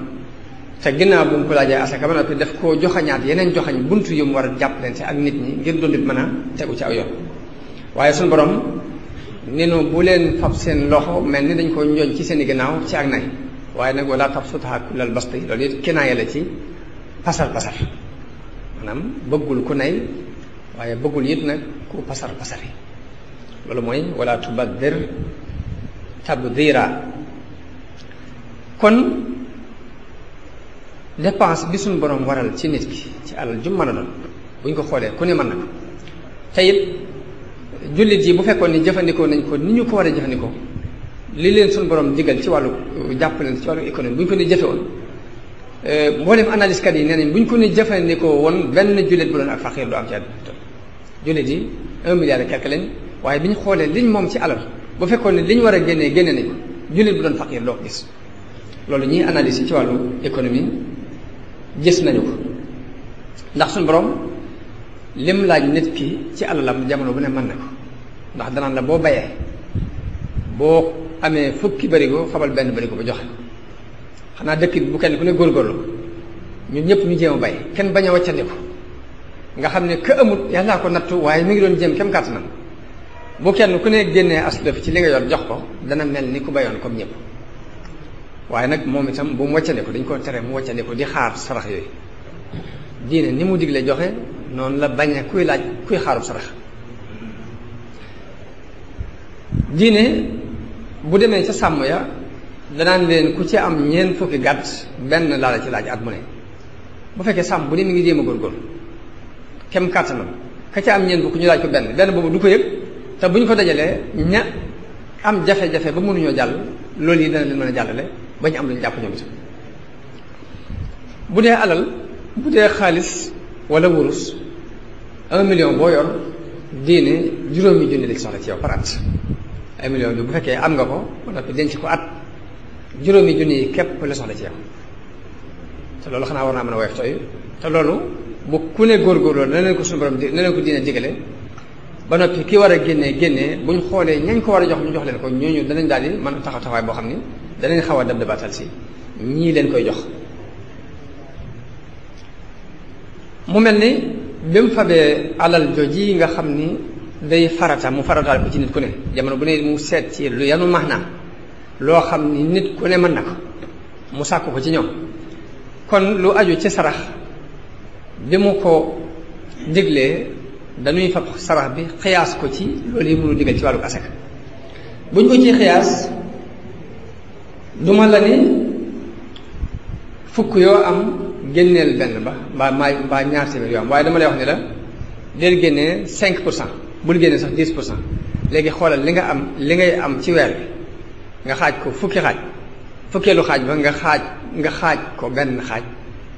te ginnaaw bu mu ko laajee asaka ba noppi daf koo joxañaat yeneen joxañ buntu yu mu war a jàppalante ak nit ñi ngir dundit mën a tegu ci aw yoon waaye suñ borom nenu bu leen fab seen loxo mel ni dañ ko njooñ ci seeni ginnaaw ci ak nay waaye nag wala tab sutaha kullal basti loolu it kinaaya la ci pasar pasar maanaam bëggul ku nay waaye bëggul yit nag ku pasar pasar yi mooy wala tabdira kon dépense bi suñ borom waral ci nit ki ci alal ju mën a doon bu ko xoolee ku ne mën na ko te it jullit yi bu fekkoon ni jëfandikoo nañ ko ni ñu ko war a jëfandikoo li leen suñu borom digal ci wàllu jàppaleen ci wàllu économie buñ ko ni jëfe woon euh, mboolem analyse yi nee nañ buñ ñu ko ni jëfandikoo woon benn jullit bu doon ak faqiir du am ci àdduna jullit yi un milliard et quelque waaye bi xoolee liñ moom ci alal bu fekkoon ne li ñu war a génnee génne nañ jullit bu doon faqiir doo ko gis loolu ñuy analyse ci wàllu économie gis nañu ko ndax suñu borom lim laaj nit ki ci alalam jamono bu ne mën na ko ndax danaan la boo bayee boo amee fukki barigo fabal benn barigo ba joxe xanaa dëkk bi bu kenn ku ne góorgóorlu ñun ñëpp ñu jéem bay kenn bañ a wàccandi ko nga xam ne ka amut yàllaa ko nattu waaye mi ngi doon jéem kem kàtt na bu kenn ku ne génnee aslëf ci li nga yor jox ko dana mel ni ku bayoon comme ñëpp waaye nag moom itam bu mu wàccandiku dañ ko tere mu wàccandiku di xaar sarax yooyu diine ni mu digle joxe noonu la bañ a kuy laaj kuy xaarub sarax diine bu demee ca sàmm ya danaan leen ku ci am ñeent fukki gàtt benn laa la ci laaj ak mu ne bu fekkee sàmm bu ne ngi jéem a góorgóorlu kem kàttanam ka ca am ñeent fukki ñu laaj ko benn benn boobu du ko yëg te bu ñu ko dajalee ña am jafe-jafe ba mënuñoo jàll loolu yi dana leen mën a jàllale ba ñu am lu ñu jàpp ñoom itam bu dee alal bu dee xaalis wala wurus un million boo yor diine juróomi junni lañ soxla ci yow par at ay million bi bu fekkee am nga ko wala denc ko at juróomi junni yi képp la soxla ci yow te loolu xanaa war naa mën a woyof tooy te loolu bu ku ne góorgóorloo na leen ko suñu borom di na leen ko diine digale ba ki war a génnee génnee buñ xoolee ñañ ko war a jox ñu jox leen ko ñooñu danañ daal di mën a taxaw taxawaay boo xam ni danañ xaw a dab dabaatal si ñii leen koy jox mu mel ni bi mu fabee alal joji nga xam ni day farata mu farataal ko ci nit ku ne jamono bu ne mu seet ci lu yanu max naa loo xam ni nit ku ne mën na ko mu sàkk ko ci ñoom kon lu aju ci sarax bi mu ko diglee dañuy fab sarax bi xiyaas ko ci loolu yi mënu digal ci wàllu asaka buñ ko ci xiyaas duma la ne fukk yoo am génneel benn ba mbaa maa mbaa ñaar téeméer yoo am waaye dama lay wax ni la del génnee cinq pour cent bul génnee sax dix pour cent léegi xoolal li nga am li ngay am ci weer bi nga xaaj ko fukki xaaj fukkeelu xaaj ba nga xaaj nga xaaj ko benn xaaj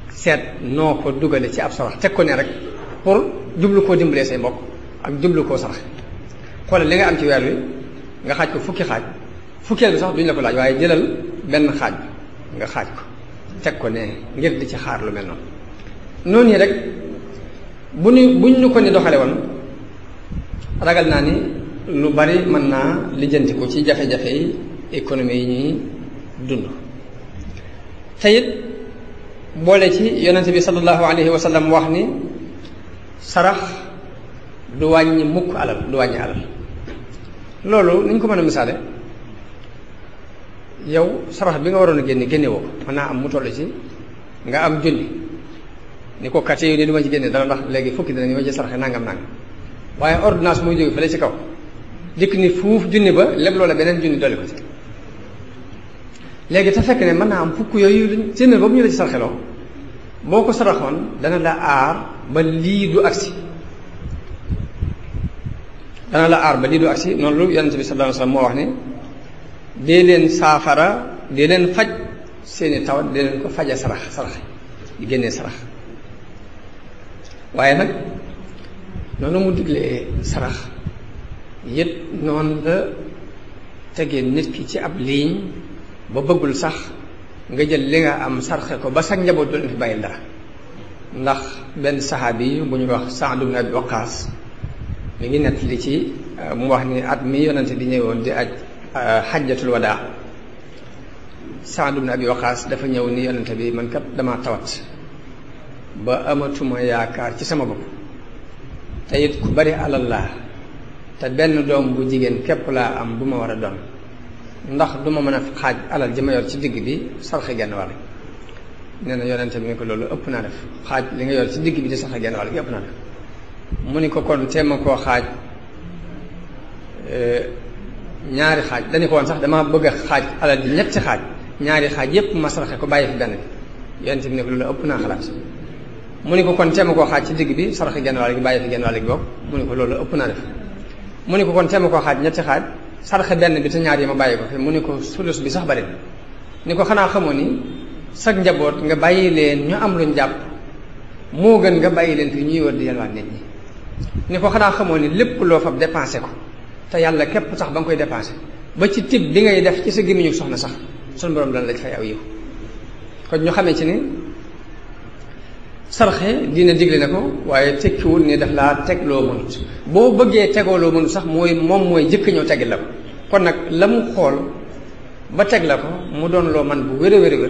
seet noo ko dugale ci ab sarax teg ko ne rek pour jublu koo dimbalee say mbokk ak jublu koo sarax xoolal li nga am ci weer wi nga xaaj ko fukki xaaj fukkeel bi sax duñ la ko laaj waaye jëlal benn xaaj bi nga xaaj ko teg ko ne ngir di ci xaar lu mel noonu noonu yi rek bu ñu buñ ñu ko ni doxale woon ragal naa ni lu bari mën naa lijjanti ko ci jafe-jafe yi économie yi ñuy dund te boole ci yonente bi sallallahu alayhi wa wax ni sarax du wàññi mukk alal du wàññi alal loolu ni ko mën a misaale yow sarax bi nga waroon a génne génne mën naa am mu toll ci nga am junni ni ko kat yow de du ci génne dana ndax léegi fukki dana ñu ma ci saraxe nangam nangam waaye ordonnance mooy jóge fële ci kaw dikk ni fuuf junni ba lépp loola beneen junni dolli ko ci léegi te fekk ne mën naa am fukk yooyu seen ba mu ñu la ci saraxeloo boo ko saraxoon dana la aar ba lii du agsi dana la aar ba lii du agsi noonu lu yonent bi sallallahu moo wax ne dee leen saafara dee leen faj seeni tawat dee leen ko faje sarax sarax di génnee sarax waaye nag noonu mu diglee sarax yët noonu la tegee nit ki ci ab ligne ba bëggul sax nga jël li nga am sarxe ko ba sax njabot dul fi bàyyil dara ndax ben sahabi bu ñu wax sa'd ibn abi waqas mi ngi net li ci euh, mu wax ni at mi yonante di ñewoon di aj euh, hajjatul wadaa sa'd ibn abi waqas dafa ñew ni yonante bi man kat dama tawat ba amatuma yaakaar ci sama bopp tayit ku bari alal laa ta doom bu jigen kep la am buma wara ndax du ma mën a xaaj alal ji ma yor ci digg bi sarxe genn wàll nee na yonente bi ne ko loolu ëpp naa def xaaj li nga yor ci digg bi di sarxe genn wàll gi mu ni ko kon teem a xaaj eh, ñaari xaaj dañu ko sax dama bëgg a xaaj alal ji ñetti xaaj ñaari xaaj yépp ma sarxe ko bàyyi fi benn bi yonente bi ne ko loolu ëpp naa xalaat mu ni ko kon teem koo xaaj ci digg bi sarxe genn wàll gi bàyyi fi genn wàll mu ni ko loolu ëpp naa def mu ne ko kon teem koo xaaj ñetti xaaj sarxe benn bi te ñaar yi ma bàyyi ko fi mu ni ko sulus bi sax bari ni ko xanaa xamoo ni sag njaboot nga bàyyi leen ñu am luñ jàpp moo gën nga bàyyi leen fi ñuy wër di yalwaan nit ñi ni ko xanaa xamoo ni lépp loo fab dépensé ko te yàlla képp sax ba nga koy dépensé ba ci tib bi ngay def ci sa gémmiñu soxna sax suñu borom dana la ci fay aw yiw kon ñu xamee ci ni sarxe dina digle na ko waaye tekkiwul ni daf laa teg loo mënut boo bëggee tegoo loo mënut sax mooy moom mooy jëkk ñoo tegi la ko kon nag la mu xool ba teg la ko mu doon loo man bu wér a wér a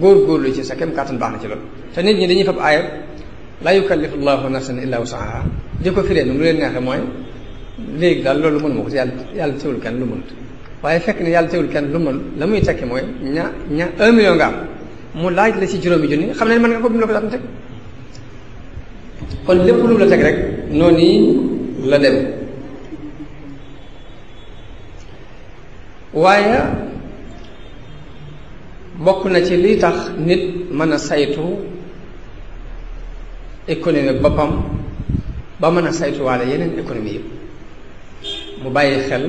góor-góorlu ci sa kem kàttan baax na ci loolu te nit ñi dañuy fab aaya laa yukallifu llaahu nafsan illaa wusaha di ko firee nu mu leen neexee mooy léegi daal loolu mënu ma ko yàlla yàlla teewul kenn lu mënut waaye fekk ne yàlla teewul kenn lu mën la muy tekki mooy ña ña nga am mu laaj la ci juróomi junni xam ne mën nga ko bi mu la ko daan teg kon lépp lu la teg rek noonu la dem waaye bokk na ci li tax nit mën a saytu économie boppam ba mën a saytuwaale yeneen économie yëpp mu bàyyi xel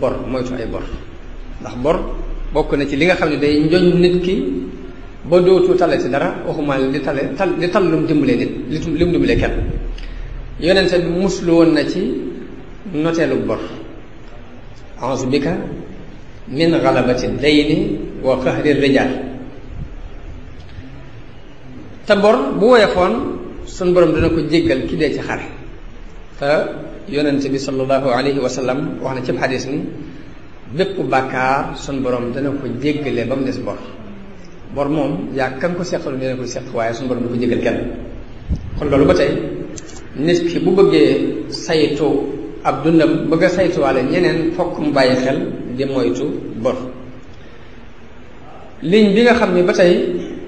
bor moytu ay bor ndax bor bokk na ci li nga xam ne day njoñ nit ki ba dootu tale ci dara waxuma li tale tal li tal lu mu dimbalee nit li li mu dimbalee kenn yonente bi muslu woon na ci noteelu bor auzu bika min galabati dayni wa qahri rijal te bor bu woyofoon sun borom dina ko jéggal ki dee ci xare te yonente bi sallallahu alayhi wa sallam wax na ci xadis ni bépp bàkkaar sun borom dana ko jéggale ba mu des bor bor moom yaa kan ko seqaloon yéen ko seq waaye suñu borom du ko jéggal kenn kon loolu ba tey nit ki bu bëggee saytu ab dundam bëgg a saytuwaale ñeneen fokk mu bàyyi xel di moytu bor ligne bi nga xam ne ba tey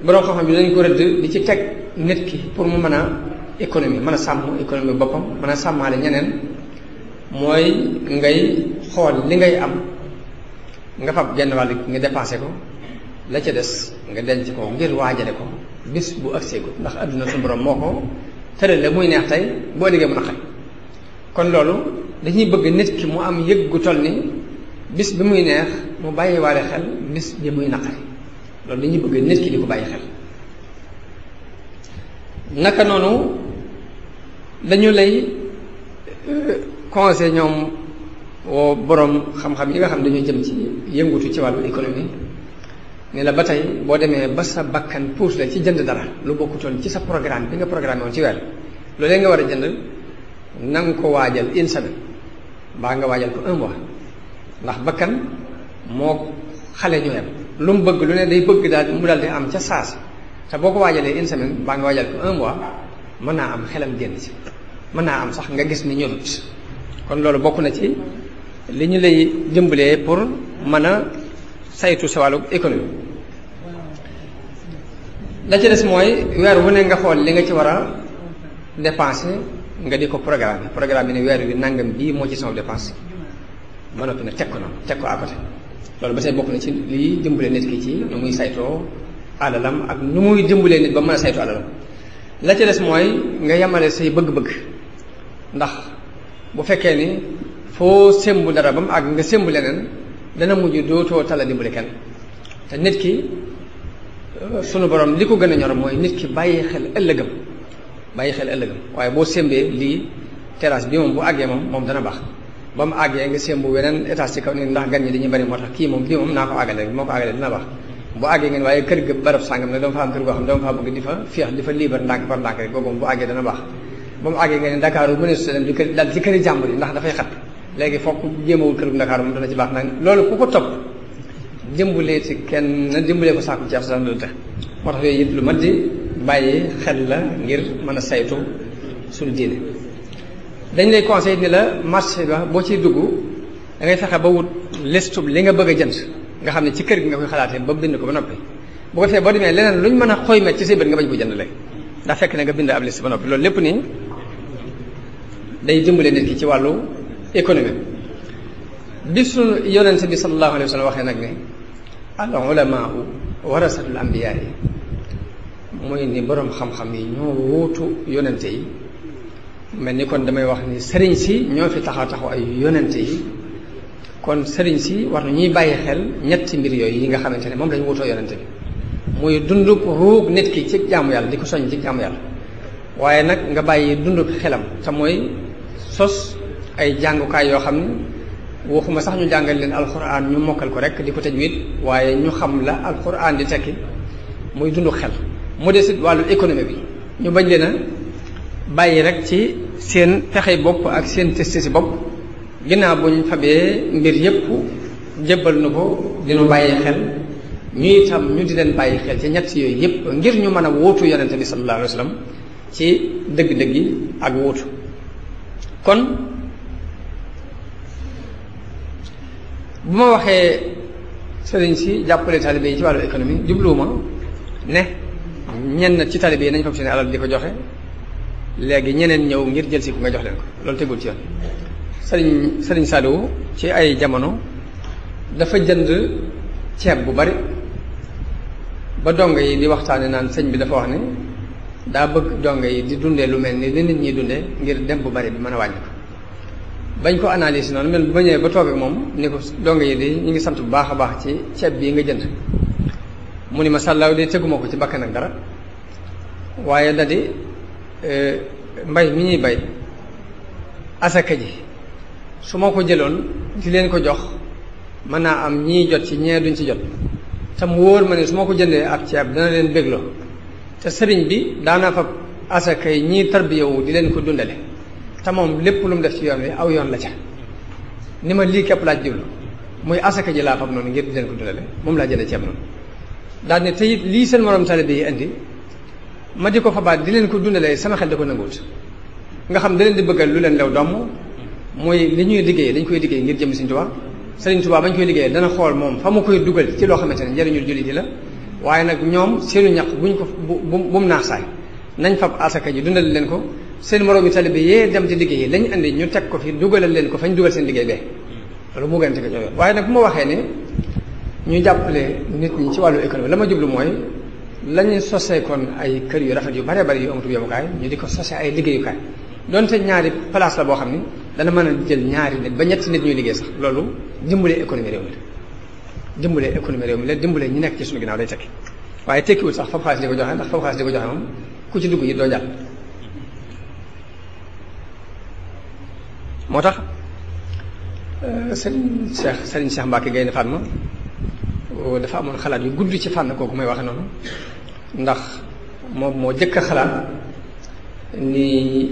borom xam-xam bi dañ ko rëdd di ci teg nit ki pour mu mën a économie mën a sàmm économie boppam mën a sàmmaale ñeneen mooy ngay xool li ngay am nga fab genn wàll nga dépensé ko la ca des nga denc ko ngir waajale ko bis bu agsee ko ndax adduna su borom moo ko tërale muy neex tey boo liggéey mu naqari kon loolu dañuy bëgg nit ki mu am yëg gu toll ni bis bi muy neex mu bàyyi waale xel bis bi muy naqari loolu dañuy bëgg nit ki di ko bàyyi xel naka noonu dañu lay euh, conseil ñoom woo boroom xam-xam yi nga xam dañoo jëm ci yëngutu ci wàllu économie ne la ba tey boo demee ba sa bakkan puus la ci jënd dara lu bokkutoon ci sa programme bi nga programme woon ci weer loolee nga war a jënd na nga ko waajal une semaine mbaa nga waajal ko un mois ndax bakkan moo xale ñu yem lu mu bëgg lu ne day bëgg daal mu daal di am ca saas te boo ko waajalee une semaine mbaa nga waajal ko un mois mën naa am xelam génn ci mën naa am sax nga gis ni ñorut kon loolu bokk na ci li ñu lay jëmbalee pour mën a saytu sa wàllu économie la ci des mooy weer wu ne nga xool li nga ci war a dépensé nga di ko programme programme bi ne weer wi nangam bii moo ci sama dépense ba noppi nag teg ko na teg ko à loolu ba tey bokk na ci lii dimbale nit ki ci nu muy saytoo alalam ak nu muy dimbalee nit ba mën a saytu alalam la des mooy nga yemale say bëgg-bëgg ndax bu fekkee ni foo sémbu dara ba ak nga sémbu leneen dana mujj dootoo tala dimbale kenn te nit ki sunu borom li ko gën a ñor mooy nit ki bàyyi xel ëllëgam bàyyi xel ëllëgam waaye boo sembee lii terrasse bi moom bu àggee moom dana baax ba mu àggee nga sémbu weneen étage ci kaw ni ndax gan ñi dañuy bari moo tax kii moom bii moom naa ko àggale moo ko àggale dina baax bu ngeen waaye baax ba mu àggee ngeen ne Dakar dal ci këri jàmbur yi ndax dafay xat léegi fokk jéemawul kër gu Dakar moom dana ci baax nag loolu ku ko topp jëmbulee si kenn jëmbulee ko sàkku ci asalaam loolu tax moo tax yooyu lu mat di bàyyi xel la ngir mën a saytu suñu diine dañ lay conseil ni la marché ba boo ciy dugg da fexe ba wut liste li nga bëgg a jënd nga xam ne ci kër gi nga koy xalaatee ba bind ko ba noppi bu ko defee boo demee leneen luñ mën a xoymet ci sa bët nga bañ ko jënd léegi ndax fekk na nga bind ab liste ba noppi loolu lépp nii day dimbale nit ki ci wàllu économie bi suñu yonent bi sallallahu alayhi wa sallam waxee nag ne al ulamaa warasatul ambiyaa yi mooy ni boroom xam-xam yi ñoo wuutu yonente yi mel ni kon damay wax ni sëriñ si ñoo fi taxaw taxaw ay yonente yi kon sëriñ si wax na ñuy bàyyi xel ñetti mbir yooyu yi nga xamante ne moom dañu wuutoo yonente bi muy dunduk ruug nit ki ci jaamu yàlla di ko soñ ci jaamu yàlla waaye nag nga bàyyi dunduk xelam te mooy sos ay jàngukaay yoo xam ne waxuma sax ñu jàngal leen alxuraan ñu mokkal ko rek di ko tajwid waaye ñu xam la alxuraan di tekki muy dund xel mu desit wàllu économie bi ñu bañ leen a bàyyi rek ci seen pexe bopp ak seen test si bopp ginnaaw bu ñu fabee mbir yépp jébbal nu ko dinu bàyyi xel ñuy tam ñu di leen bàyyi xel ci ñett yooyu yépp ngir ñu mën a wóotu yonente bi sallallahu alayhi ci dëgg-dëgg yi ak wóotu kon bu ma waxee sëriñ si jàppale talibé yi ci wàllu économie jubluwuma ne na ci talibé yi nañ fonctionné alal di ko joxe léegi ñeneen ñëw ngir jël si ku nga jox leen ko loolu tegul ci yoon sëriñ sëriñ Saliou ci ay jamono dafa jënd ceeb bu bari ba dongo yi di waxtaane naan sëñ bi dafa wax ne daa bëgg dongo yi di dundee lu mel ni li nit ñi dundee ngir dem bu bari bi mën a wàññi bañ ko analyse noonu mel ba ñëwee ba toog ak moom ni ko dong yi di ñu ngi sant bu baax a baax ci ceeb bii nga jënd mu ni ma sàllaaw de teguma ko ci bakkan ak dara waaye da di e, mbay mi ñuy bay asaka ji su ma ko jëloon di leen ko jox mën naa am ñii jot ci ñee duñ ci jot tam wóor ma ne su ma ko jëndee ab ceeb dana leen bégloo te sëriñ bi daana fa asaka yi ñii tarbiyawu di leen ko dundale te moom lépp lu mu def ci yoon wi aw yoon la ca ni ma lii képp laa jublu muy asaka ji laa xam noonu ngir di leen ko dundale moom laa jëlee ceeb noonu daal ne lii seen morom taalibe yi indi ma di ko fabaat di leen ko dundalee sama xel da ko nanguwut nga xam da di bëggal lu leen dew doom mooy li ñuy liggéey dañ koy liggéey ngir jëm Sëriñ Tuubaa Sëriñ Tuubaa bañ koy liggéey dana xool moom fa mu koy dugal ci loo xamante ne njëriñul jullit yi la waaye nag ñoom seenu ñaq buñ ko bu bu mu naax nañ fab asaka ji dundal leen ko seen moroomi talibe yee dem ci liggéey yi lañ andi ñu teg ko fi dugalal leen ko fañ dugal seen liggéey bee loolu mu gante waaye nag bu waxee ne ñu jàppale ci wàllu économie la ma jublu mooy lañu sosee kon ay kër yu rafet yu bare bari yu amatu yobukaay ñu di ko sose ay liggéeyukaay donte ñaari place la xam ni dana mën a jël ñaari nit ba ñetti nit ñuy liggéey loolu dimbalee économie réew mi la dimbalee économie nekk ci suñu ginnaaw lay tekki waaye tekkiwul sax fab xaalis di ko joxe ndax fab xaalis di ko joxe moom ku ci dugg yi doo jàll moo tax euh, sëriñ Cheikh sëriñ Cheikh Mbacke Gaynde Fatma euh, dafa amoon xalaat yu gudd ci fànn kooku may wax noonu ndax moom moo jëkk a xalaat ni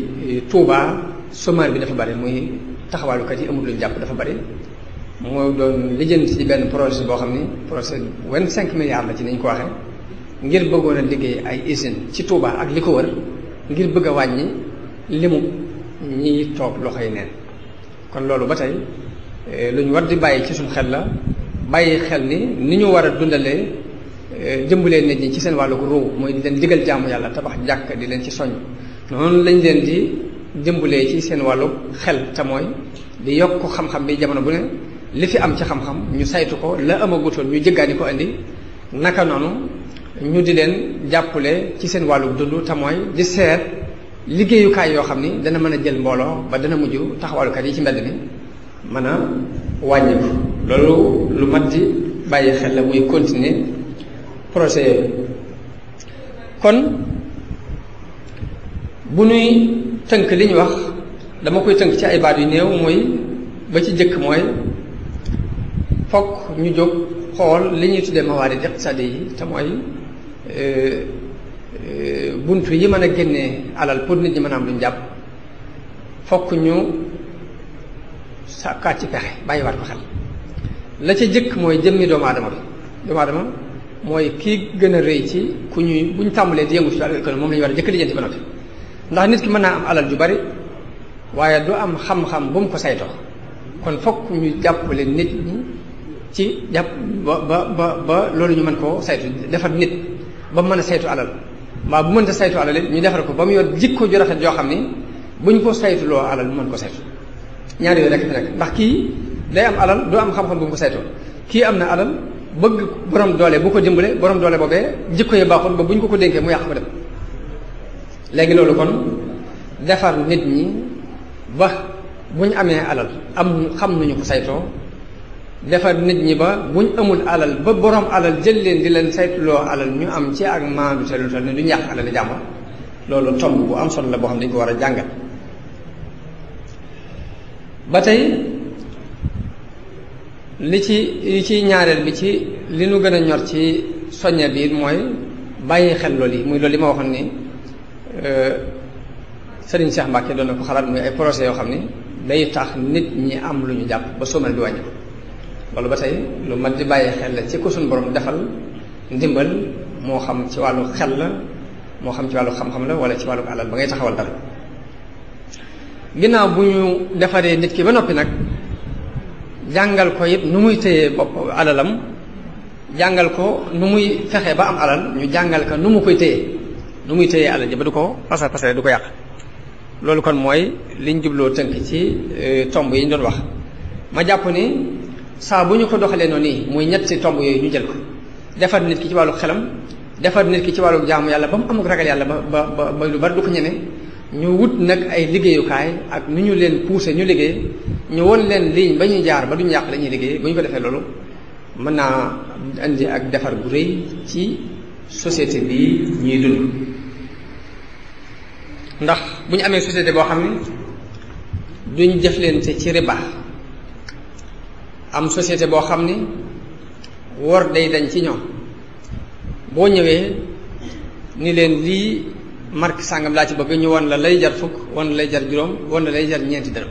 Touba chômage bi dafa bari muy taxawaalukat yi amul luñ jàpp dafa bari moo doon lijjanti ci benn projet boo xam ni projet vingt cinq milliards la ci niñ ko waxee ngir bëggoon a liggéey ay usine ci Touba ak li ko wër ngir bëgg a wàññi limu ñiy toog loxo yi neen kon loolu ba tey eh, lu ñu war di bàyyi ci suñ xel la bàyyi xel ni ni ñu war a dundalee eh, jëmbalee nit ñi ci seen wàllug ruu mooy di leen digal jaamu yàlla tabax jàkk di leen ci soñ noonu lañ leen di jëmbalee ci seen wàllug xel te di yokk xam-xam bi jamono bu ne li fi am ci xam-xam ñu saytu ko la amagutoon ñu jëggaani ko indi naka noonu ñu di leen jàppale ci seen wàllug dund te mooy di seet liggéeyukaay yoo xam ni dana mën a jël mbooloo ba dana mujj taxawalkat yi ci mbedd mi mën a wàññiku loolu lu mat di bàyyi xel la muy continuer projet yooyu kon bu nuy tënk li ñu wax dama koy tënk ci ay baat yu néew mooy ba ci jëkk mooy fokk ñu jóg xool li ñuy tuddee mawaari iqtisaadi yi te mooy euh, Euh, buntu yi mën a génnee alal pour nit ñi mën a am luñ jàpp fokk ñu sàkkaat ci pexe bàyyiwaat ko xel la ca jëkk mooy jëmmi doomu aadama bi doomu aadama mooy kii gën a rëy ci ku ñuy bu ñu tàmbalee di yëngu ci wàllu économie moom la ñu war a jëkk lijjanti ba noppi ndax nit ki mën naa am alal ju bari waaye du am xam-xam bu mu ko saytoo kon fokk ñu jàppale nit ñi ci jàpp ba ba ba ba loolu ñu mën koo saytu defar nit ba mën a saytu alal maa bu mënta saytu alal it ñu defar ko ba mu yor jikko ju rafet joo xam ni buñ ko saytu loo alal mu mën ko saytu ñaar yooyu rek fi nekk ndax kii day am alal du am xam-xam bu mu ko saytoo kii am na alal bëgg borom doole bu ko dimbale borom doole boobee jikko yi baaxul ba buñ ko ko dénkee mu yàq ko dem léegi loolu kon defar nit ñi ba ñu amee alal am xam nañu ko saytoo defar nit ñi ba buñ amul alal ba borom alal jël leen di leen saytuloo alal ñu am ci ak maandu te lu toll ni duñ yàq alal di jàmbur tomb bu am solo la boo xam ne dañ ko war a jàngal ba tey li ci ci ñaareel bi ci li nu gën a ñor ci soñña bi mooy bàyyi xel loolu yi muy loolu yi ma waxoon ni euh, Sëriñ Cheikh Mbacke doon na ko xalaat muy ay projet yoo xam ni day tax nit ñi am lu ñu jàpp ba soomal bi wàññi loolu ba tey lu mat di bàyyi xel la ci ko suñu borom defal ndimbal moo xam ci wàllu xel la moo xam ci wàllu xam-xam la wala ci wàllu alal ba ngay taxawal dara ginnaaw bu ñu defaree nit ki ba noppi nag jàngal ko it nu muy téye bopp alalam jàngal ko nu muy fexe ba am alal ñu jàngal ko nu mu koy téye nu muy téye alal ji ba du ko pasar pasare du ko yàq loolu kon mooy liñ jubloo tënk ci euh, tomb yi ñu doon wax ma jàpp ni saa bu ñu ko doxalee noonu nii muy ñetti tomb yooyu ñu jël ko defar nit ki ci wàllu xelam defar nit ki ci wàllu jaamu yàlla ba mu amul ragal yàlla ba ba ba lu bari du ko ñeme ñu wut nag ay liggéeyukaay ak nu ñu leen puuse ñu liggéey ñu won leen ligne ba ñuy jaar ba duñu yàq lañuy liggéey bu ñu ko defee loolu mën naa indi ak defar gu rëy ci société bi ñuy dund ndax bu ñu amee société boo xam ne duñ jëflante ci riba am société boo xam ni wor day dañ ci ñoom boo ñëwee ni leen lii marque sàngam laa ci bëgg ñu wan la lay jar fukk wan lay jar juróom wan la lay jar ñeenti dërëm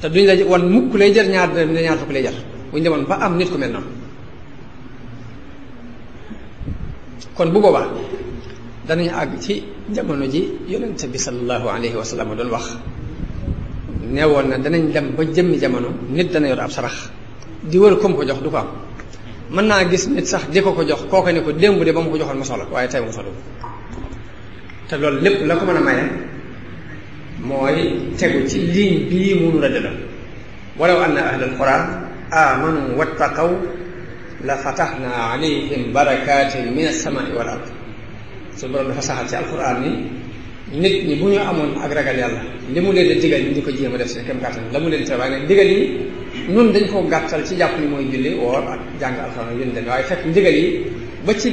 te duñ la won mukk lay jar ñaar dërëm ne ñaar fukk lay jar bu ñu demoon ba am nit ku mel noonu kon bu boobaa danañu àgg ci jamono ji yonent bi sallallahu alayhi wa sallam doon wax nee woon na danañ dem ba jëmmi jamono nit dana yor ab sarax di wër kum ko jox du ko am mën naa gis nit sax di ko ko jox kooka ne ko démb de ba mu ko joxoon ma soxla ko waaye tey mu soxla ko te loolu lépp la ko mën a maye mooy ci ligne bii munu rëdd la walaw anna ahlal quran amanu wattaqaw la fataxna alayhim barakatin min asamaai wal ard su borom dafa saxal ci alquran ni nit ñi bu ñu amoon ak ragal yàlla li mu leen di digal ñu di ko jéem a def seen kem kàttan la mu leen di waaye nag digal yi nun dañ koo gàttal ci jàpp ni mooy julli woor ak jàng alxuraan ak yónni waaye fekk ndigal yi ba ci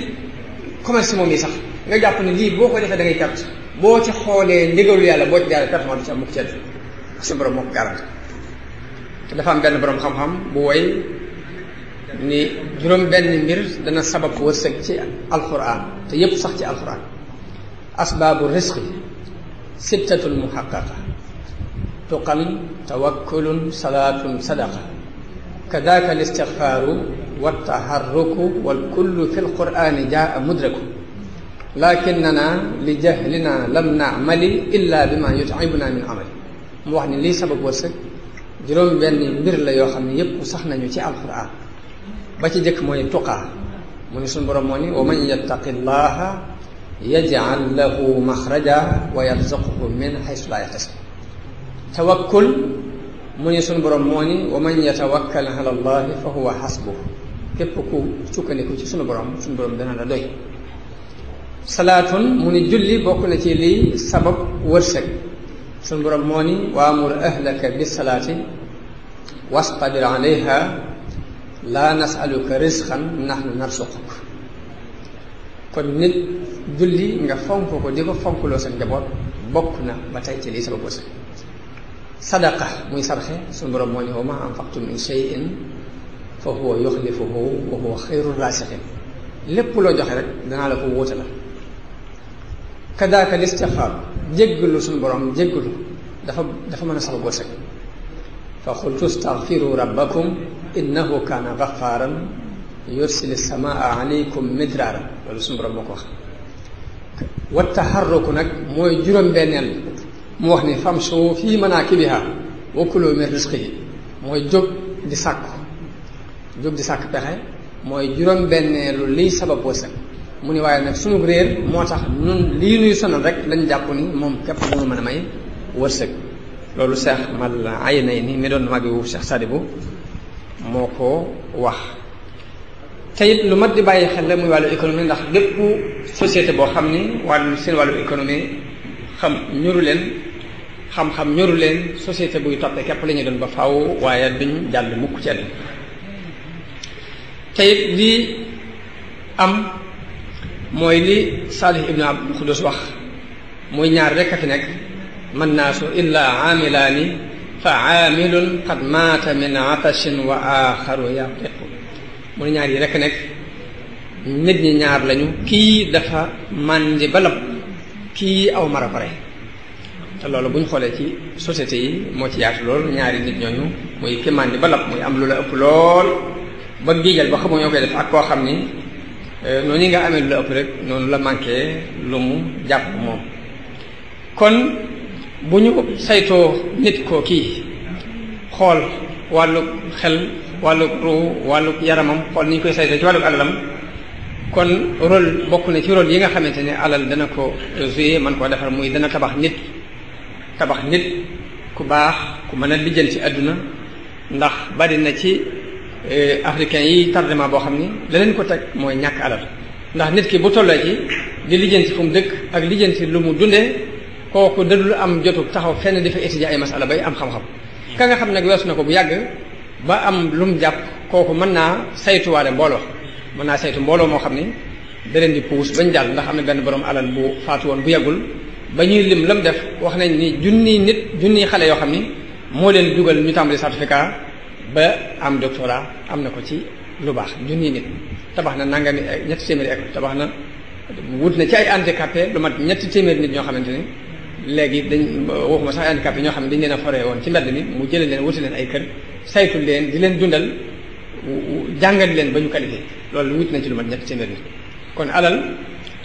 commerce moom yi sax nga jàpp ni lii boo ko defee da ngay perte boo ci xoolee ndigalu yàlla boo ci jaaree perte moom du ci am mukk ci moo ko garante te dafa xam-xam bu woy ni juróom benn mbir dana sabab wërsëg ci alxuraan te yépp sax ci alxuraan asbaabu risqi sittatul muhaqqaqa تقل توكل صلاة صدقة كذاك الاستغفار والتحرك والكل في القرآن جاء مدرك لكننا لجهلنا لم نعمل إلا بما يتعبنا من عمل موحني لي سبق وسك جروم بين مير يوخم يبقى صحنا وسخنا القرآن باتي ديك موي توقا موني سون بروم ومن يتق الله يجعل له مخرجا ويرزقه من حيث لا يحتسب tawakkul mu ni sunu borom moo ni wa man yatawakkal ala fa huwa xasbu képp ku sukkandiku ci sunu borom sunu borom dana la doy salaatun mu ni julli bokk na ci liy sabab wërsëg sunu borom moo ni waamur ahlaka bisalaati wastabir alayha laa nasaluka risqan nahnu narsuquk kon nit julli nga fonk ko di ko fonkloo sa njaboot bokk na ba tey ci liy sabab wërsëg صدقة مي صرخة سنبرا مواني وما أنفقتم من شيء فهو يخلفه وهو خير الراسخين لب كل وجه رك دنا لك ووتلا كذا كالاستخار جعلوا سنبرم جعلوا دفع دفع من سال غوسك فقلت استغفروا ربكم إنه كان غفارا يرسل السماء عليكم مدرارا ولسنبرم كوخ والتحرك نك مو جرم بينال mu wax ni famshu fii manaakibiha wa kulu min rizqihi mooy jóg di sàkku jóg di sàkk pexe mooy juróom-benneelu liy sabab wërsëg mu ni waaye nag sunu réer moo tax nun li nuy sonal rek lañ jàpp ni moom képp moo mën a may wërsëg loolu seex mal ay nay ni mi doon mag wu seex Sadibou moo ko wax te it lu mat di bàyyi xel la muy wàllu économie ndax lépp société boo xam ni wàllu seen wàllu économie xam ñuru leen xam-xam ñoru leen société buy toppee képp lañuy doon ba faw waaye duñ jàll mukk ci àdduna te it lii am mooy li Saalih ibnu Abdul Xudus wax muy ñaar rekk a fi nekk man naasu illaa aamilaani fa aamilun qad maata min atashin wa aaxaru yaqiqu mu ne ñaar yi rekk nekk nit ñi ñaar lañu kii dafa màndi ba lab kii aw mar a loolu bu ñu xoolee ci société yi moo ci yaatu lool ñaari nit ñooñu muy kéemaan ni ba lab muy am lu la ëpp lool ba giijal ba xamoo ñoo koy def ak koo xam ni euh, noonu nga amee lu la ëpp rek noonu la manqué lu mu jàpp moom kon bu ñu saytoo nit koo kii xool wàllug xel wàllug ruu wàllug yaramam xool ni ñu koy saytoo ci wàllug alalam kon rôle bokk na ci rôle yi nga xamante ne alal dana ko jouer man koo defar muy dana tabax nit tabax nit ku baax ku mën a lijjan ci àdduna ndax bari na ci eh, africains yi tardement boo xam ni la leen ko teg mooy ñàkk alal ndax nit ki bu tollee ci di lijjanti fu mu dëkk ak lijjanti lu mu dundee kooku dadul am jotu taxaw fenn di fa étudier ay masala bay am xam-xam ka nga xam nag weesu na ko bu yàgg ba am lu mu jàpp kooku mën naa saytuwaale mbooloo mën naa saytu mbooloo moo xam ni da leen di puus bañ jàll ndax am na benn borom alal bu faatu woon bu yàggul ba ñuy lim lam def wax nañ ni junniy nit junniy xale yoo xam ni moo leen dugal ñu tàmbali certificat ba am doctorat am na ko ci lu baax junniy nit tabax na nangami eh, ñetti téeméeri école tabax na wut na ci ay handicapé lu mat ñetti téeméeri nit ñoo xamante ni léegi dañ waxuma sax ay handicapé ñoo xam ne dañ leen a foree woon ci mbedd mi mu jëlee leen wuti leen ay kër saytu leen di leen dundal jàngal leen ba ñu qualifié loolu wut na ci lu mat ñetti téeméeri nit kon alal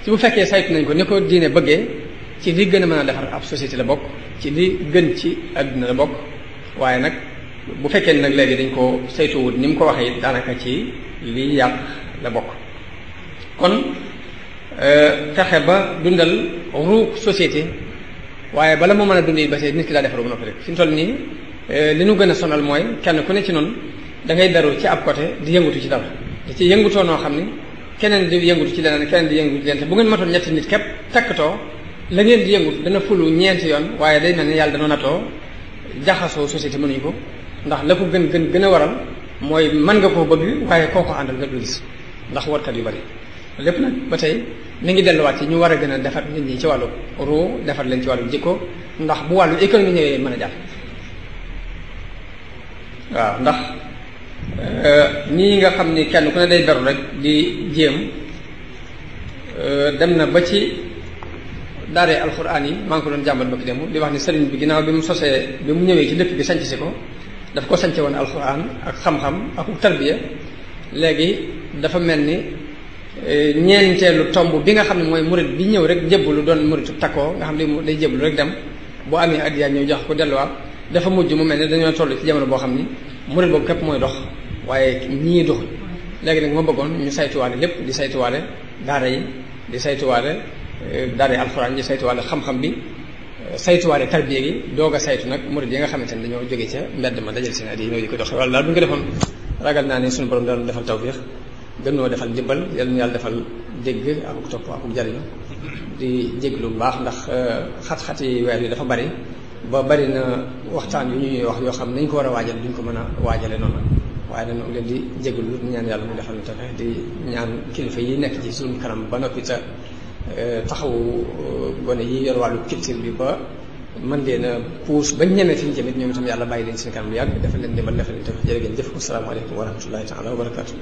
ci fekkee saytu nañ ko ni ko diine bëggee ci li gën a mën a defar ab société la bokk ci li gën ci àdduna la bokk waaye nag bu fekkee ni nag léegi dañ ko saytuwut ni mu ko waxee daanaka ci li yàq la bokk kon euh, fexe ba dundal ruuk société waaye bala moo mën a dund it ba see nit ki daa defaru ba noppi rek fi mu toll nii euh, li nu gën a sonal mooy kenn ku ne ci noonu da ngay daru ci ab côté di yëngutu ci dara di ci yëngutoo noo xam ni keneen di yëngutu ci leneen keneen di yëngutu ci leneen bu ngeen matoon ñetti nit képp takkatoo la ngeen di yëngut dana fulu ñeenti yoon waaye day mel ne yàlla dana natoo jaxasoo société mënuñu ko ndax la ko gën gën a waral mooy mën nga koo bëgg waaye koo ko àndal nga du gis ndax warkat yu bari lépp nag ba tey mi ngi delluwaat ci ñu war a gën a defar nit ñi ci wàllu ruu defar leen ci wàllu jikko ndax bu wàllu économie ñëwee mën a jàpp waaw ndax nii euh, nga xam ni kenn ku ne day beru rek di jéem euh, dem na ba ci daaree alxuraan yi maa ngi ko doon jàmbat ba ki dem di wax ne sëriñ bi ginnaaw bi mu sosee bi mu ñëwee ci dëkk bi sanc si ko daf ko sance woon alxuraan ak xam-xam ak tarbiya léegi dafa mel ni e, ñeenteelu tomb bi nga xam ne mooy murit bi ñëw rek lu doon muritu takkoo nga xam ne day jébbalu rek dem bu amee addiya ñëw jox ko delluwaat dafa mujj mu mel ni dañoo toll ci jamono boo xam ni murit boobu képp mooy dox waaye ñii doxul léegi nag ma bëggoon ñu saytuwaale lépp di saytuwaale daara yi di saytuwaale daare alxuraan ñu saytuwaale xam-xam bi saytuwaale tarbiya gi doog a saytu nag murid yi nga xamante ne dañoo jóge ca mbedd ma dajal seen addiya di ko doxe wala daal bu ragal naa ne suñu borom daal defal tawfiix gën noo defal ndimbal yal na yàlla defal dégg ak topp ak jariñ di lu baax ndax euh, xat-xati weer yi dafa bari ba bari na waxtaan yu ñuy wax yoo xam nañ ko war a waajal duñ ko mën a waajale noonu waaye nag yàlla mu defal ñu di ñaan kilifa yi nekk ci suñu kanam ba noppi taxawu gone yi yor wàllu culture bi ba mën leen a puus ba ñeme fi ñu jëmit ñoom itam yàlla bàyyi leen seen kanam lu yàgg defal leen dimbal defal leen defal jërë ngeen jëf asalaamaaleykum wa rahmatullahi taala wa barakaatu